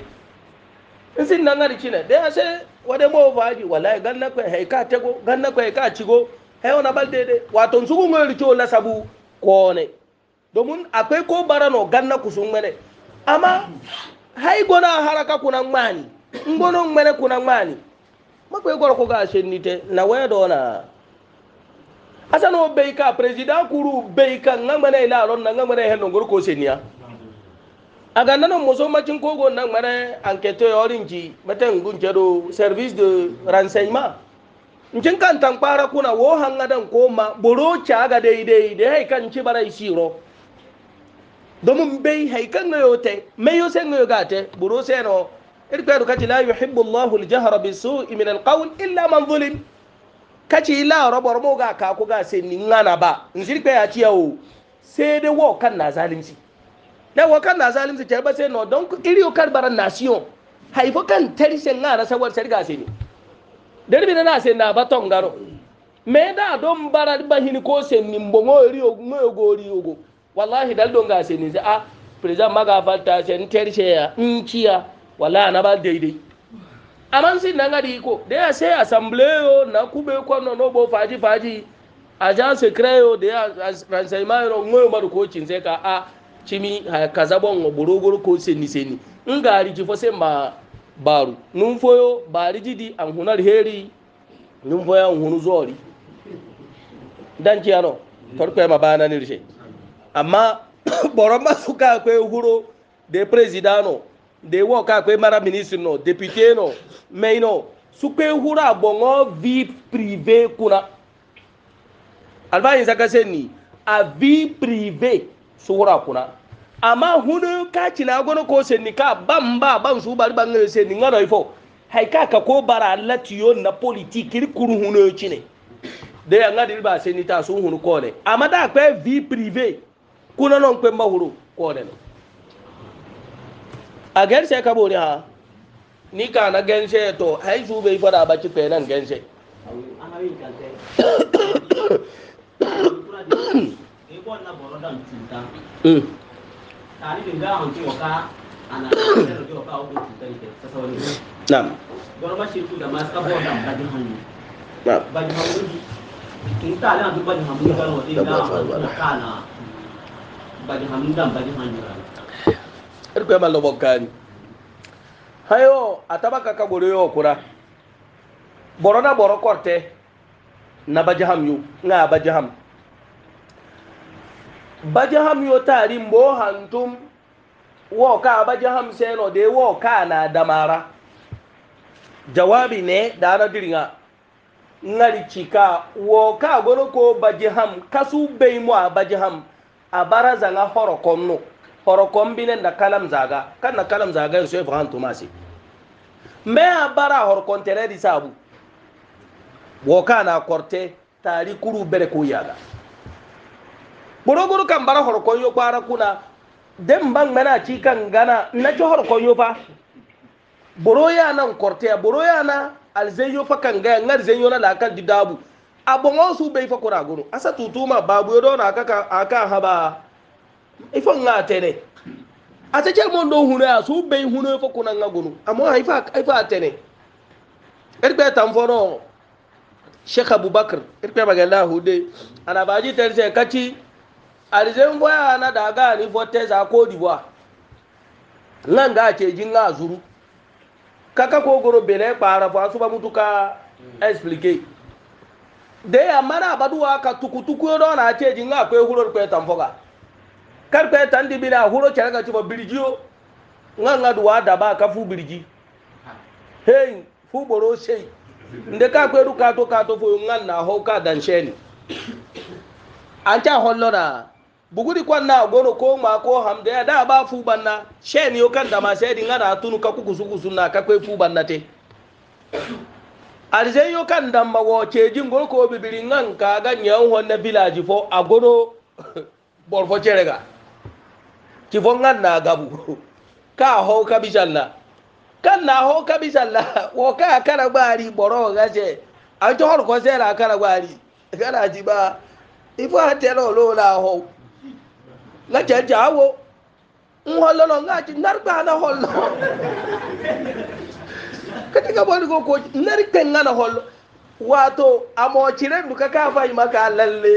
nsi nangari cine de ase wade mo vaji wallahi ganna kwe haika tego ganna kwe ka cigo hayo na bal dede wato nsugu ngori cho la sabu kone domin akwai ko barano ganna kusun mene amma hai gona haraka kuna ngmani mbono mene kuna ngmani makwe goro ko ga shenite na wedo na asano beika president kuru beika ngamane ila ron na ngamane hen ngoro ko senia aga nano moso macin kogo na ngmane enquête yorinji meten gunje do service de renseignement ncin kan tankpara kuna wo hangadan ko ma boro caga deidei de hay kan ci barai siro domin bai hay kan ngayo te meyo sen ngayo gate boro seno irgbeeru kaci laa yuxibu llahu ljahra bisuui min alqawl ila man ulim kaci ila robor mo ga kaaku ga se ni ŋana ba nsirikpe ya ciya o seede wo kan na zalimsi na wo kan na zalimsi cerba se no donc iriyo kar bara nation hay fo kan tari se ŋana sawar seriga se ni derbi nana se na ba tongaro mais da don bara bahini ko se ni mbongo iriyo ngoyo gori ni se ah, a wallahi na ba daidai aman sin nan gadi ko da ya sai assembleyo na kube kwano no bo faji faji a ja se kreyo da ya ransai mayro ngoyo mar ko cin sai ka ah, a cimi kaza bon borogoro ko seni seni in ga riji fo sai ma baru nun foyo ba riji di an hunar heri nun foyo an hunu zori dan ciyano torko ma bana ni rishe amma boron ma suka akwai huro da presidano de wo ka kwe mara ministre no député no mais no su kwe hura bongo vie privée kuna alba yin ni a vie privée su hura kuna amma hunu ka cina gono ko sen ni ka ban ba ban su bari ban ngere sen ni ngano ifo hay ka ka ko bara latiyo na politique ri kuru hunu ne de ya ngadi ba sen ni ta su hunu ko ne amma da kwe vie privée kuna non kwe mahuru ko ne no a gerse ka bori ha ah. ni ka na gense to hai su bai fada ba ki nan gense hmm. Nam. Bọ́lọ́mọ́ ṣe kú dàmá sábọ̀ ọ̀dà bàjẹ́ hàn yìí. Bàjẹ́ hàn yìí. Kìí tà lẹ́yìn àti bàjẹ́ irko ma lobo gani hayo atabaka ka goro yo kura borona boro korte na bajaham yu nga bajaham bajaham yo tari mbo hantum wo ka bajaham seno de wo ka na damara jawabi ne dana diringa ngari chika wo ka goro ko bajaham kasu beimo a bajaham a baraza nga horo konno horo kombine da kalam zaga kan na kalam zaga yin soyi fahan tumasi me a bara horo di sabu woka na korte tari kuru bere ko yaga guruguru kan baara horo konyo kwara kuna den ban mana ci kan gana na ci horo konyo fa boro ya nan korte ya boro ya na alzeyo fa kan ga ngar zeyo na la kan didabu abon su bai fa kura guru asa tutuma babu yodo na aka aka haba ifa nga tene ate chel ndo do huna su be huna fo kuna nga gunu amma ifa ifa tene irbe tamfono sheikh abubakar irbe magala hude ana baji terse kachi arizen voya ana daga ni vote za ko diwa nga nga che jinga zuru kaka ko goro bele para fa suba mutuka explique de amara abaduwa ka tukutuku do na che jinga ko ehuro ko tamfoga karpe tandi bina huro charaga chuba birjiyo nga nga duwa daba ka fu birji hey fu boro sei nde ka kweru ka to ka to fo nga na ho ka dan sheni ancha hollora bugudi na gono ko ma ko hamde da ba fu banna sheni yo kan da ma sai dinga da tunu ka kuku su kusunna ka kwe fu banna te arzen yo kan da ma wo cejin gor ko bibiri ngan ka ga nyawo na village fo agono borfo cerega ki kivongan na gabu ka ho kabijalla kan na ho kabijalla wo ka kana gbari boro gaje an to hor ko se la kana gbari kana ji ba ifo atelo lo la ho la je jawo n holo lo nga ji narba na holo katika bani ko ko narken ngana holo wato amo cire duka ka fa maka lalle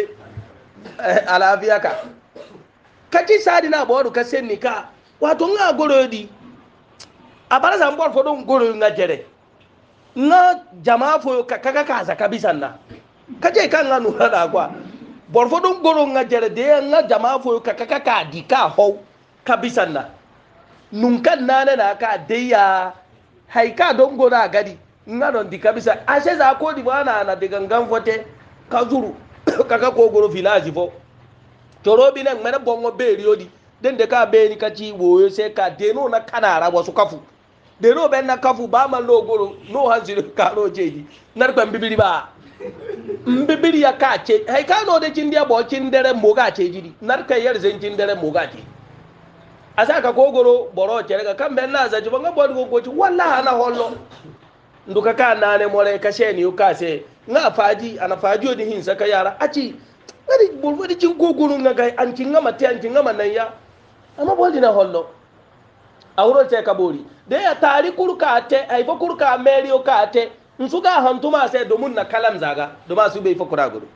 eh, alafiya ka kati sadi na boru ka sen nika wato nga goro di abara san bor fodo goro nga jere nga jama fo ka kaka ka za kabisan na kaje kan nga nura da kwa bor fodo goro nga jere de nga jama fo ka kaka ka di ka ho kabisan na nun kan na na ka de ya hai ka don goro agadi nga don di kabisa ashe za ko di bana na de gangan fote ka zuru kaka ko goro filaji fo toro bi nan mana bongo be riodi den de ka be ni kaci woyo se ka deno na kanara wasu kafu deno ben na kafu ba man lo goro no hanziro ka lo jeji nar ban bibiri ba mbibiri ya ka ce hai ka no de jin dia bo cin dere mo ga ce jidi nar ka yar zan cin dere mo ga ce asa ka kogoro boro ce daga kan ben na za ji banga bo go ci wallahi na hollo nduka ka na ne more ka she ni ka se nga faji ana faji odi hin saka yara aci ngari bol wadi cin gogonu nga gay an cin ngama te an cin ngama nan ya amma bol dina hollo awro te eh, ka de ya tari kurka te ay fo kurka meriyo ka te nsuga hantuma se domun na kalam zaga doma su be fo kura guru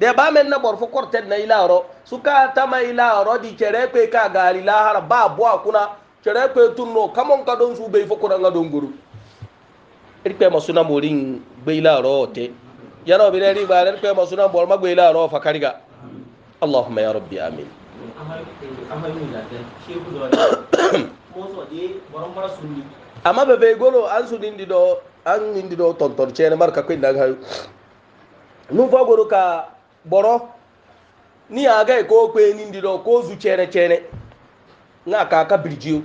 de ba men na bor fo korte na ila ro suka ta ma ila ro di chere pe ka gari la har ba bo akuna chere pe tunno kamon ka don su be fo kura nga don guru irpe masuna morin be ila ro te yano bi leri ba ler pe mo sunan bol magbe la ro fa kariga allahumma ya rabbi amin amma be be golo an su dindi do an dindi do ton ton cene marka ko inda hayu nu fa goro ka boro ni aga e ko pe dindi do ko zu cene cene nga ka ka birjiyo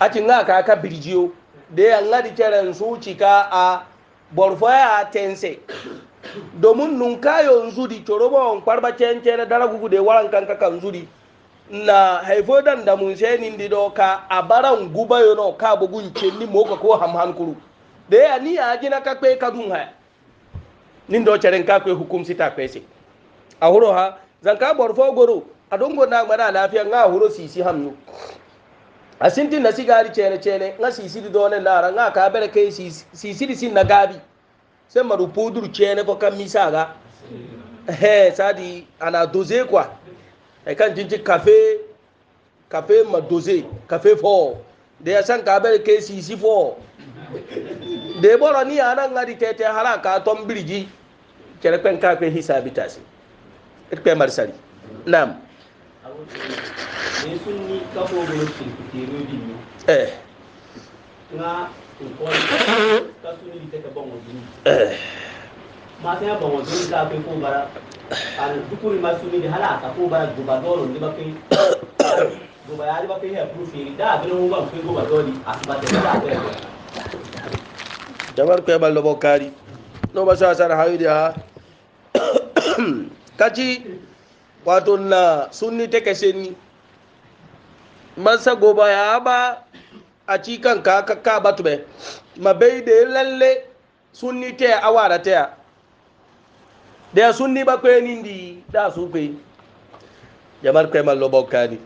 ati nga ka ka birjiyo de an ngadi cere su cika a borfoya a tense domin nunkayon zudi corobon kwarba cence na dara gugu da waran kanka kan zudi na haifo dan da mun sai nin dido ka a bara guba yo no ka bugun cenni moka ko ham han kuru da ya ni a jina ka kwe ka dun ha nin do ceren ka kwe hukum sita kwe a huro ha zan ka borfo goro a dongo na gbara lafiya nga huro sisi ham yo asinti na sigari chene chene nga sisiri done nara nga kabere ke sisiri sin nagabi se maru puduru chene ko kamisa ga he sadi ana doze kwa e kan jinji kafe kafe ma doze kafe fo de ya san kabere ke sisi fo de boro ni ana nga di tete haraka tombiriji chere kwen ka kwen hisabitasi et kwen marsali nam Eh. Eh. mata ya bawa zuri ta kai ko bara a dukuri masu ne da hala a ko bara goba dole ne ba kai goba ya ba kai ya burufe da abin mu ba kai goba dole a ba ta da kai jamar ko ya ballo bokari no ba sa sar hayu da wato na sunni ta kashe ni masa goba ya ba a cikan ka ka batu bai ma bai da lalle sunni ta ya awa da ta ya da sunni ba kwaye ni di da su kwaye jamar kwaye mallo bauka ne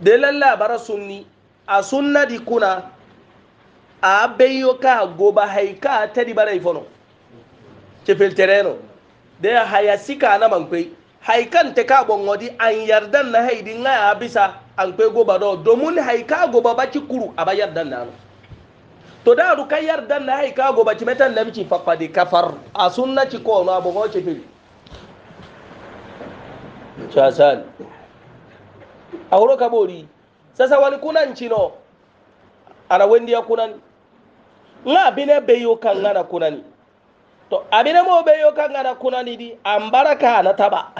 da lalle bara sunni a sunna di kuna a bayo ka goba haika ta di bara ifono ke filtereno da ya hayasika na man kwaye haikan te ka bon ngodi an yardan na haidi nga abisa an kwe goba do domin haika goba baci kuru aba yardan na to da ru kai yardan na haika goba ci metan na mici faqadi kafar a sunna ci ko na bon ce fi chasan awro kabori sasa wani kunan cino ana wendi ya kunan nga bine beyo kan ngana kunani to abine mo be yo kan ngana kuna lidi ambaraka na taba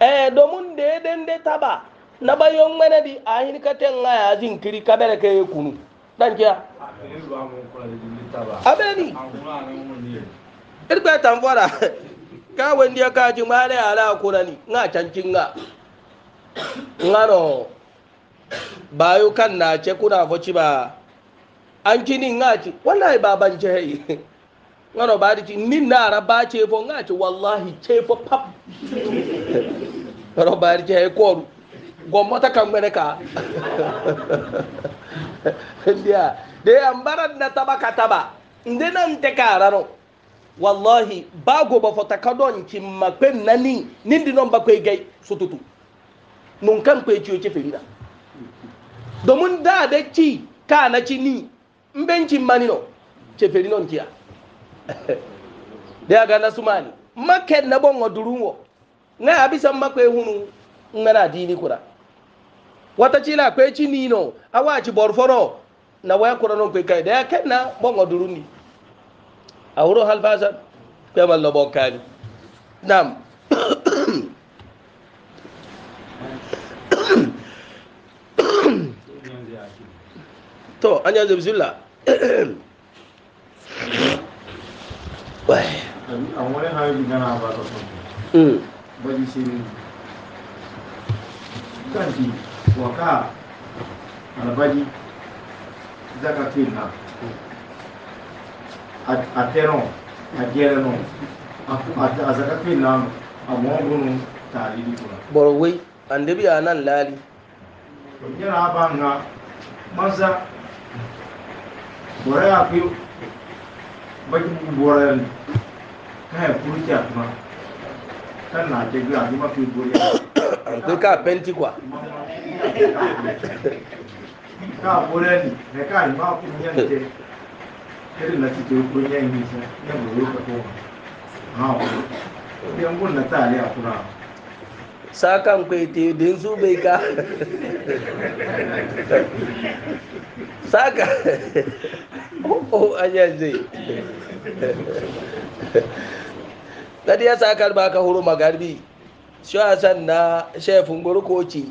eh domun de den de taba na bayon mene di ahin ka ten ngaya jin kiri kabere ke kunu dan kiya abeni irbe tan fora ka wendi ka ji mare ala kuna ni nga cancin nga ngano bayo kan na ce kuna foci ba an kini nga ci wallahi e baban ce ngano baadi ci nin naara baa ceefo ngaa ci wallahi ceefo pap ngano baadi ci hay kooru gommota kam mene ka ndiya de a mbaran na taba ka taba nde nante kaarano wallahi baa goba fota ka ɗon cimma kpen nani nindi noon ba koye gay sututu nun kan koye ciyo ceferina domin daade ci kaana ci ni n ɓen cimmani no ceferi noon ciya de aga na sumani make na bon odurun wo nga abisa makwe hunu ngana dini kura wata chila kwe chini no awachi borforo na waya kura non kwe kai de ken na bon odurun ni a awro halfasa kwe mal no bon kani nam to anya zebzula Why? I wonder how you began about or something. Mm. But you see, you can't be waka and a body that I feel now. A terron, a terron, a zakatin nan, a mongono tari dikuna. Borowai, an dabi a nan lali. Yana ba na maza, bora ya fi bakin goral kayan kurki a kan na ke gina ji mafi penti kwa ka goral ne ka yi ma kun yan ke irin na cikin kun ha yan gun na ta ne a sakan kwaite din su bai ko oh, an yanzu da ya sa karba ka huru magarbi shi a san na shefin gurkoci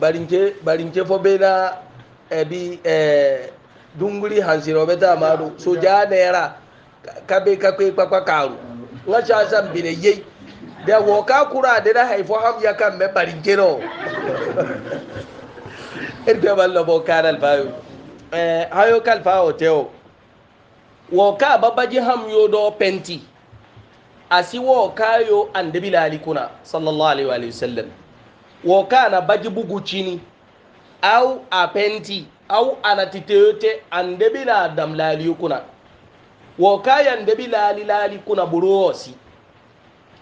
barinke fobe na ebi eh, dunguri hansiro beta maru so ja naira kabe kakwe kwakwa karu nga shi a san bine yei da woka kura da na haifo ham ya kan me barinke no irbe ballo bo kanal fayo eh, hayo kalfa hotel woka babaji ham yo do penti asi woka yo annabi lalikuna sallallahu alaihi wa sallam woka na baji bugu chini au a penti au anatiteyote annabi la adam lalikuna woka ya annabi lalikuna burosi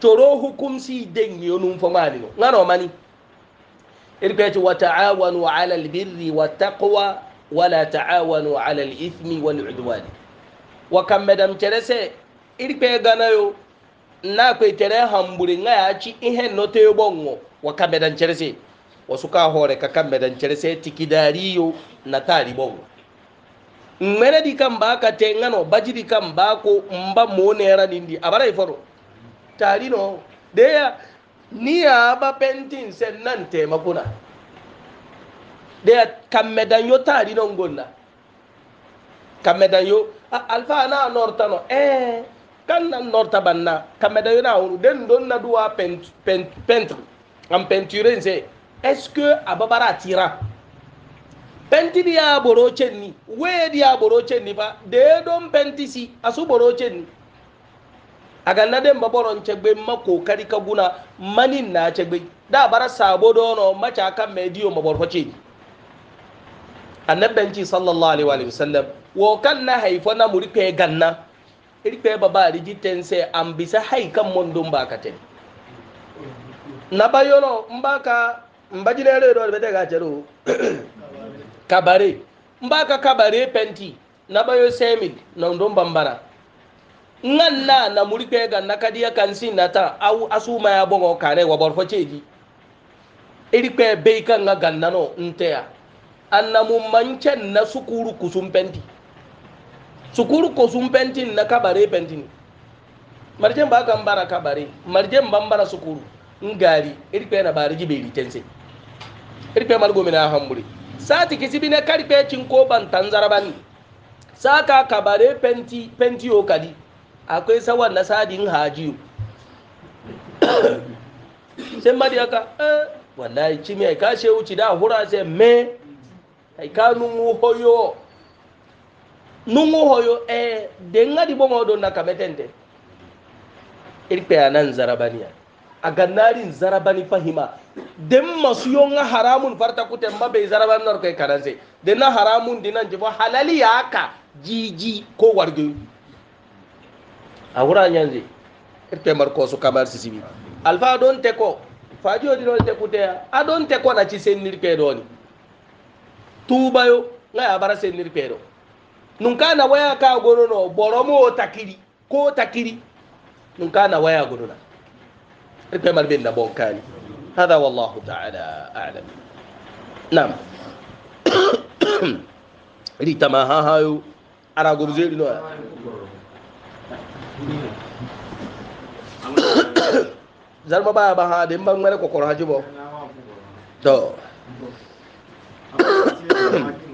toro hukumsi dengi yo num famani no ngano mani irkati wa ta'awanu ala albirri wa taqwa wala ta'awanu ala alithmi wal udwani wakamme dam chere se irikpe gana yo na kwe chere hamburi nga ya chi ihe note yo bongo wakamme dam chere se wasu ka hore ka kamme dam chere se yo na tari bongo mmene di kan ba ka te ngano baji di kan ba ko mba mo nera nindi abara iforo tari no deya ni ya ba pentin sen nan te makuna deya kamme dan yo tari no ngonna kamme dan yo alfa na nortano eh kan nan norta banna kameda yona wuru den don na duwa pent pent pent am peinture nse est-ce que ababara tira penti di ya boro chenni we di ya chenni ba de don penti si asu boro chenni aga na den baboron cegbe ma kokari ka manin na cegbe da bara sabo no, maca kan mediyo maborfo chenni annabbanci sallallahu alaihi wa sallam wo kan na haifo na muri pe ganna iri pe baba riji tense an bisa haikan mondon ba ka ten na bayono mbaka mbajine re do be daga jero kabare mbaka kabare penti na bayo semid na ndon bambara ngan na na muri pe ganna kadiya kan sin nata au asuma ya bongo kare wa borfo ceji iri pe be kan ganna no nteya annamu mancen na sukuru kusum penti sukuru ko sun pentin na kabare pentin marjen ba kan bara kabare marjen ban bara sukuru ngari irpe na bari jibe ritense irpe malgo mina hamburi sati kisi bine karpe cin ko ban tanzarabani saka kabare penti penti o kadi akwai sawan na sadin hajiyu sai madi aka eh wallahi cimi ai ka she da hura sai me ai kanu mu hoyo Nungu hoyo e denga di bongo do na kametende irpe anan zarabaniya a gannarin zarabani fahima den masu yonga haramun farta kute ma bai zaraban nar kai karanse den na haramun dinan jifo halali ya ka jiji ko warge a wuran irpe marko su kamar sisibi alfa don teko fajiyo dinon te kute a don teko na ci sen nirpe do ni tubayo ngaya bara sen nirpe do nunka na waya ka gono no boro mo takiri ko takiri nunka na waya gono na rike malbin na bon kani hada wallahu ta'ala a'lam nam rita ma ha hayo ara gobzeli no zarma ba ba ha de ban mare kokoro hajibo to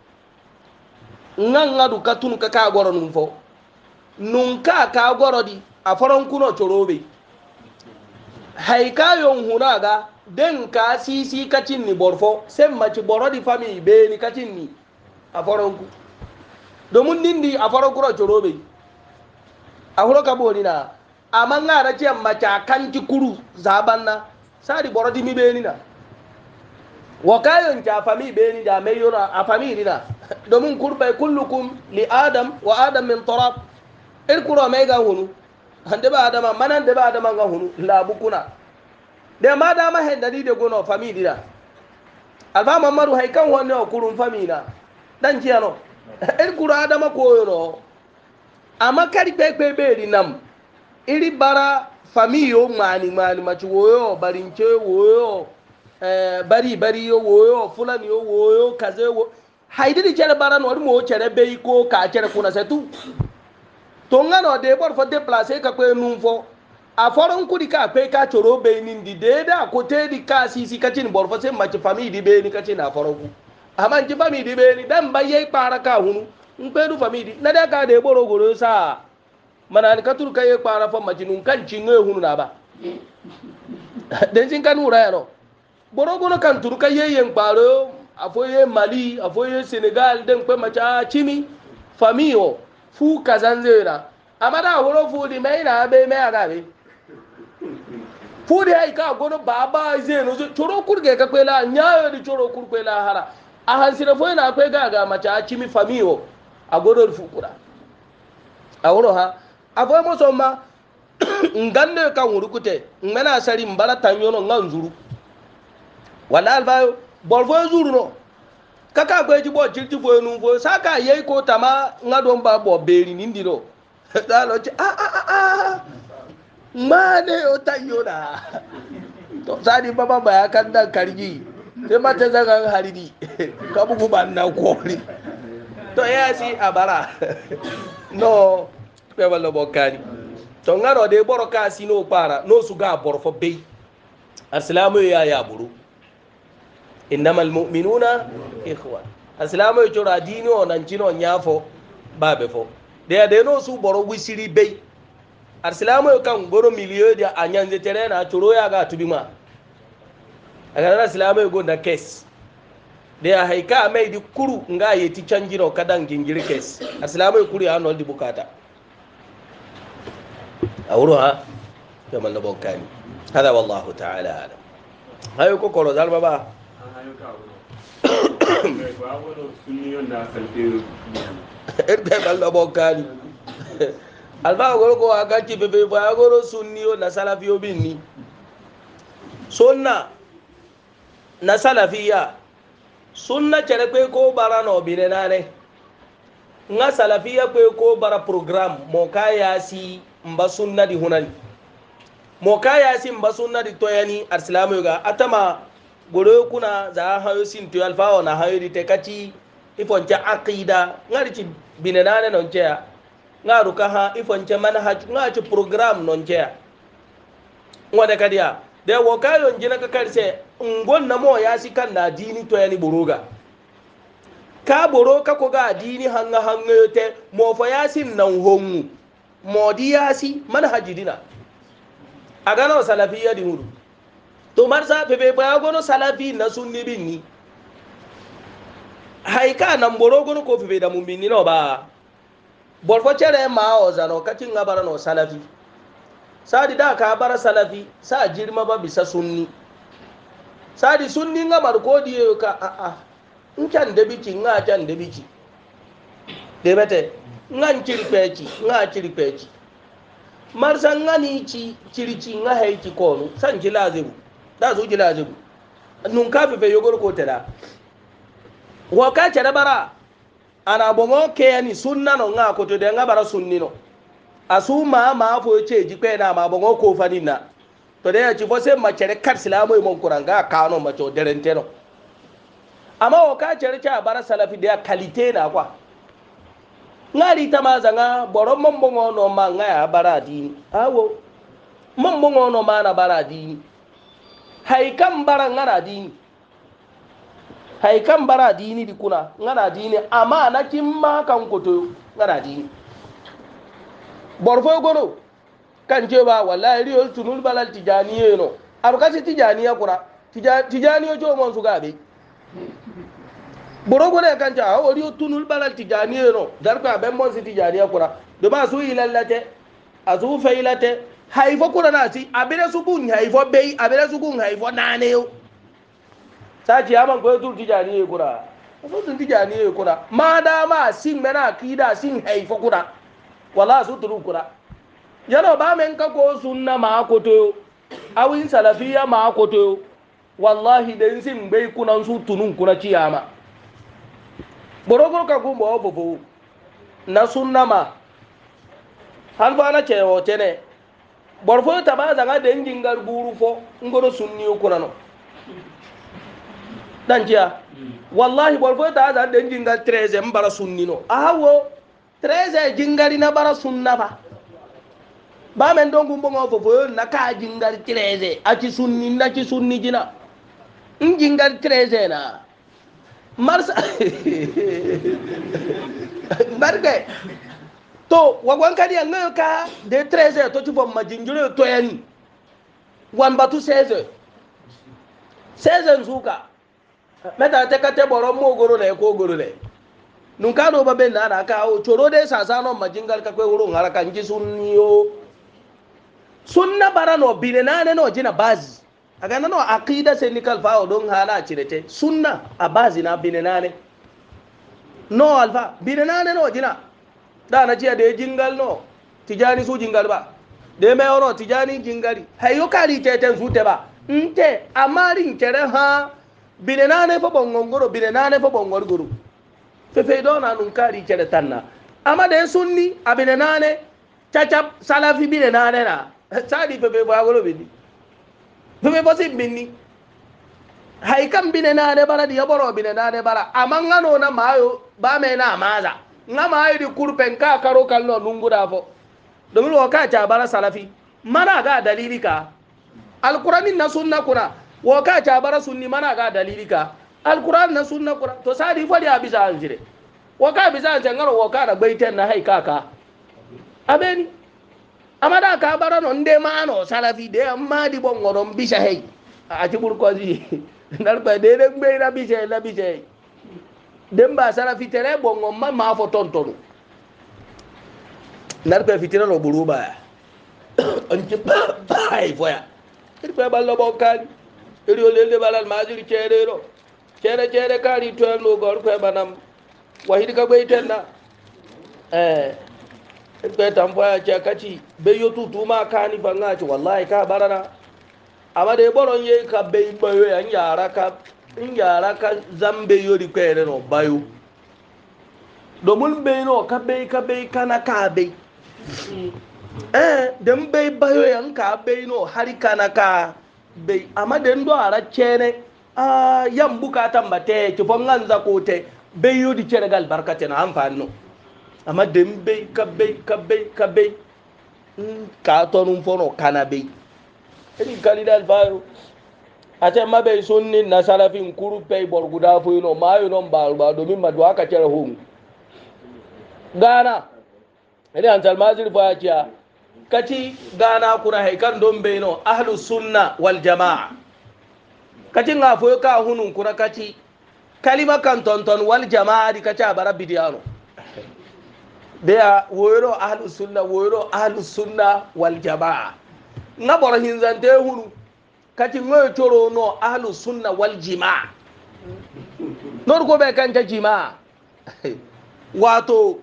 ŋaŋa du ka tunu ka kaa gɔrɔ nun fɔ nun kaa kaa gɔrɔ di a fɔra n kunɔ coro be hayi kaa yɔn huna ga den kaa siisi ka cin ni bɔrɔ fɔ sen maci bɔrɔ di fami beeni ka cin ni a fɔra n ku domin nin a fɔra kurɔ coro be a huro ka booni na amma ŋa ara cɛ maci a kanti kuru zaaban na saa di bɔrɔ di na wakayon ki afami beni da mai yura afami rida domin kurbai kullukum li adam wa adam min turab irkuro mai ga hunu hande ba adama manan de ba adama ga hunu labu kuna de ma da ma hen dadi de gono fami rida alba mamaru hay kan wonne o kurun fami na dan kiyano irkuro adama koyo no amma kari pe pe beri nam iri bara fami mani mani machi woyo barinche woyo Eh, bari bari yo woyo fulani yo woyo kaze yo haidi di chere baran wari mo chere bei ko ka chere kuna setu to ngano de bor fo déplacer ka ko num fo a foron kudi ka pe ka choro bei nin di de da ko te di ka si si kacin bor fo se machi famille di be ni kacin a foron ku amma ji famille di be ni dan baye para ka hunu in pe du famille di na da ka de boro goro sa mana ni tur ka ye para fo machi nun kan cin hunu na ba den sin kan ura ya no boroguna kan turka yeyen kparo afoye mali afoye senegal den kpe macha chimi famiyo fu kazanzera amada woro fudi meira be me agabe fudi ai ka gono baba zeno choro kurge ka kwela nyayo di choro kur kwela hara a hansira fo na kwe gaga macha chimi famiyo agodo fukura aworo ha afoye mo somma ngande kan wurukute ngmena sari mbara tanyono nganzuru wala albayo bor fo zurno kaka gbe ji bo jirti fo nu fo saka ye ko tama ngadon ba bo beri nindi no da lo ci a ah, a ah, a ah, ma ne o tayo da to sadi baba ba ya kan dan karji sai mata zagan haridi ka bugu ban na kori to ya si abara no pe wala bokani to ngaro de boro ka si no para no su ga boro fo bei aslamu ya innama almu'minuna ikhwa asilamu icoro adini onancino ñafo baɓe fo de adeno su boro wisiri bey asilamu kan goro milieu de a ñanze terena coro yaga tubima aganana asilamu gonda kes de a hay ka maydi kuru nga yeti canjino kadan jingiri kes asilamu kuru ya noldi bukata awuro ha jamal no bokkani hada wallahu taala alam hayo ko koro dalba ba erbe balabo kani alfa goro ko aka ci bebe fo agoro sunni o na o bin ni sunna na salafiya sunna cere pe ko bara na obine na ne nga salafiya pe ko bara program mo ka yasi mba sunna di hunani mo ka yasi sunna di toyani arsilamu ga atama goro kuna za hayo sin to alfawo na hayo di te kati ifonce aqida ngari ci binenane non ce ya ngaru ka ha ifonce manhaj ngari ci program non ce ya ngode kadiya de wo kayo njina ka karse ngon na mo ya si kan na dini to yani buruga ka boro ka ko ga dini hanga hanga yote mo fa ya sin nan hongu mo di ya si manhaji dina agana salafiyya di hudu to marsa pepe baya gono salafi na sunni bin ni haika nan boro gono ko pepe da mun bin ni no ba borfo cere ma o zano katin ga bara no salafi sadi da ka bara salafi sa jirma ba bisa sunni sadi sunni ga bar ko diye ka a a in kan da biki nga kan da biki de bete nga kirpeci nga kirpeci marsa nga ni ci kirci nga haiki konu san ji da su jila jigu nun kafi fe yogor ko tada wa ka cara bara ana bongo keyani sunna no nga ko to de nga bara sunni no asu ma ma fo ce ji pe na ma bongo ko fani na to de ya ci fo se ma cere kat silamu mon kuranga ka no ma to derente no amma wa ka cere ca bara salafi da kalite na kwa ngari ta ma zanga boro mon bongo no ma nga ya bara dini awo mon bongo no ma na bara dini haikan bara ngana dini haikan bara dini di kuna ngana dini amma na kin ma kan koto ngana dini borfo gono kan ce ba wallahi riyo tunul balal tijani no arukasi tijaniya kuna tijaniyo jo mon su gabe boro gone kan ce a riyo tunul balal tijaniye no darka ben mon tijani tijaniya kuna da ba su ilallate a failate haifo kuna na ti abere su kun haifo bei abere su kun haifo na ne yau sace ya man koyo tun tijani ya kura su tun tijani ya kura ma dama sin mena kida sin haifo kura wala su turu kura yano ba men ka ko sunna ma ko to awin salafiya ma ko to wallahi den sin bai kuna su tunun kuna ciyama borogoro ka gumbo bobo na sunna ma har ba na cewa tene borfo tabazaga den jingar guru fo ngoro sunni ukurano danjiya hmm. wallahi borfo tabazaga den jingar treze mbara sunni no awo treze jingari na bara sunna ba ba men don gumbo ngo fo fo na ka jingar 13 aci sunni na ci sunni jina in treze na marsa marke to wagwan kadi an ngayo ka de 13 to ti bom ma jinjure to yani wan batu 16 16 suka meta te kate boro mo goro le ko goro le nun ka no babe na na ka o choro de sasa no ma jingal ka kwe wuro ngara kan ji sunniyo sunna bara no bine na ne no jina bazi aga na no aqida se nikal fa o don hala chirete sunna a bazi na bine na ne no alfa bine na ne no jina da na ciya da jingal no tijani su jingal ba da me mayo tijani jingari hayo kari teten su te ba nte amari nkere ha bine nane fo bongongoro bine nane fo bongorgoro fefe do na nun kari kere tanna amma da sunni a bine nane cacap salafi bine nane na sadi fefe fo agoro bini fefe fo sin bini haikan bine nane bara diya boro bine nane bara amma ngano na mayo ba me na amaza ngama ayidi kurpen ka karo lo nunguda fo domin wo ka cabara salafi mana ga dalili ka alqur'ani na sunna kuna wo ka cabara sunni mana ga dalili ka alqur'an na sunna kuna to sadi fodi abisa anjire wo ka bisa anje ngaro wo ka da gbaiten na hai kaka abeni amada ka bara no nde ma no salafi de amma di bon ngoron bisa hai a jibur ko ji nar ba de de gbe na bisa na bisa hai demba sara fitere bongo ma ma fo tonton nar ko fitere no buru ba on ci ba ay foya ir ko ballo bo kan ir yo lele balal majuri cere ro cere cere kari to no gor ko banam wahid ka bay tenna eh ir ko tan foya ci akati be yo tutu ma kani banga ci wallahi ka barana amma da boron yayi ka bay bayo an yara ka in yara ka zambe yori kwere no bayo domin hmm. eh, bai no ka bai ka bai kana ka bai eh dan bai bayo yan ka bai no har kana ka bai amma dan do ara cene a yan bukatan ba te ki fon an za ko te bai yodi cene gal barkate na amfani no amma dan bai ka bai ka bai ka bai hmm, ka to nun fono kana bai ni kalidal bayo ate mabe sunni na salafin kuru pay bor guda fo no mayo non bal ba domin madwa ka cere hum gana ele an talmazir fa ya kati gana kuna haikan don bai no ahlu sunna wal jama'a kati nga fo ka hunun kuna kati kalima kan tonton wal jama'a di kati abara bidiyano deya woyro ahlu sunna woyro ahlu sunna wal jama'a nga bor hinzante hunu kati ngoyo coro no ahlu sunna wal jima non ko be kanta jima wato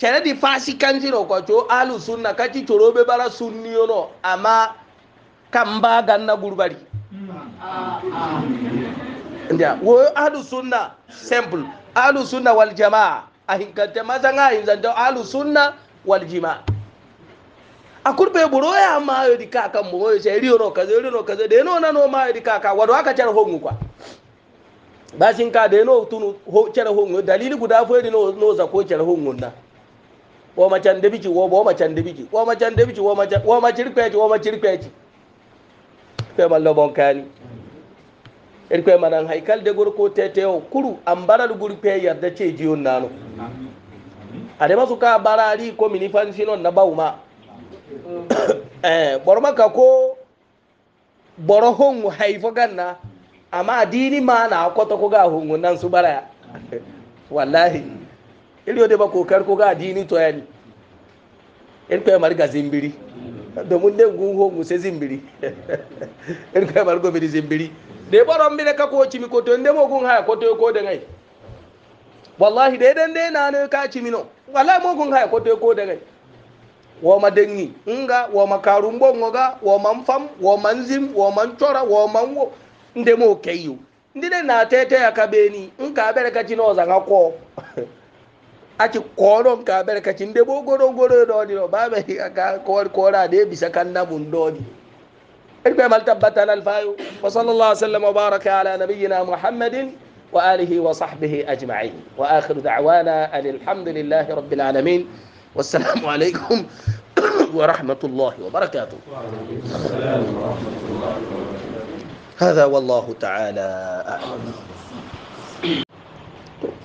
cene di fasi kanti no ko co ahlu sunna kati coro be bara sunni no ama kamba ganna gurbari ndia wo ahlu sunna simple ahlu sunna wal jamaa ahinkante mazanga hinzanta ahlu sunna wal jamaa akurbe buro ya ma yodi kaka mo yo se riyo no kaze riyo no kaze de no na no ma yodi kaka wado aka cara hongu kwa basin ka de no tunu ho cara hongu dalili guda fo yodi no no za ko cara hongu na wo ma can debiki wo bo ma can debiki wo ma can debiki wo ma can wo ma cirkweji wo ma cirkweji pe mallo bon kani en kwe manan haikal de gorko teteo kuru ambaral guri pe yarda ce jiyon nano ade masu ka barari ko mini fansi na bauma eh boro maka ko boro hongu haifo ganna ama adini ma na akwata ko ga hongu nan su bara wallahi o de ba kokar ko koga adini to ya irko mar ga zimbiri domin den gun hongu sai zimbiri irko mar go bi zimbiri de boro mbi de ka ko chimi ko to ndemo gun ha ko to ko de walahi wallahi de den de na ka chimi no wallahi mo gun ha ko to ko de woma dengi nga woma karumbongo ga woma mfam woma nzim woma nchora woma ngo ndemo keyo ndine na tete ya kabeni nka abere ka chinoza nga ko aki koro nka abere ka chinde bogoro goro do ni no babe ka ko ko de bisa kanna bun do ni irbe mal tabbatan al fayu wa sallallahu alaihi wasallam wa baraka ala nabiyyina muhammadin wa alihi wa sahbihi ajma'in wa akhiru da'wana alhamdulillahi rabbil alamin والسلام عليكم ورحمة الله وبركاته هذا والله تعالى أعلم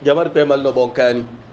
جمرت مالو بونكاني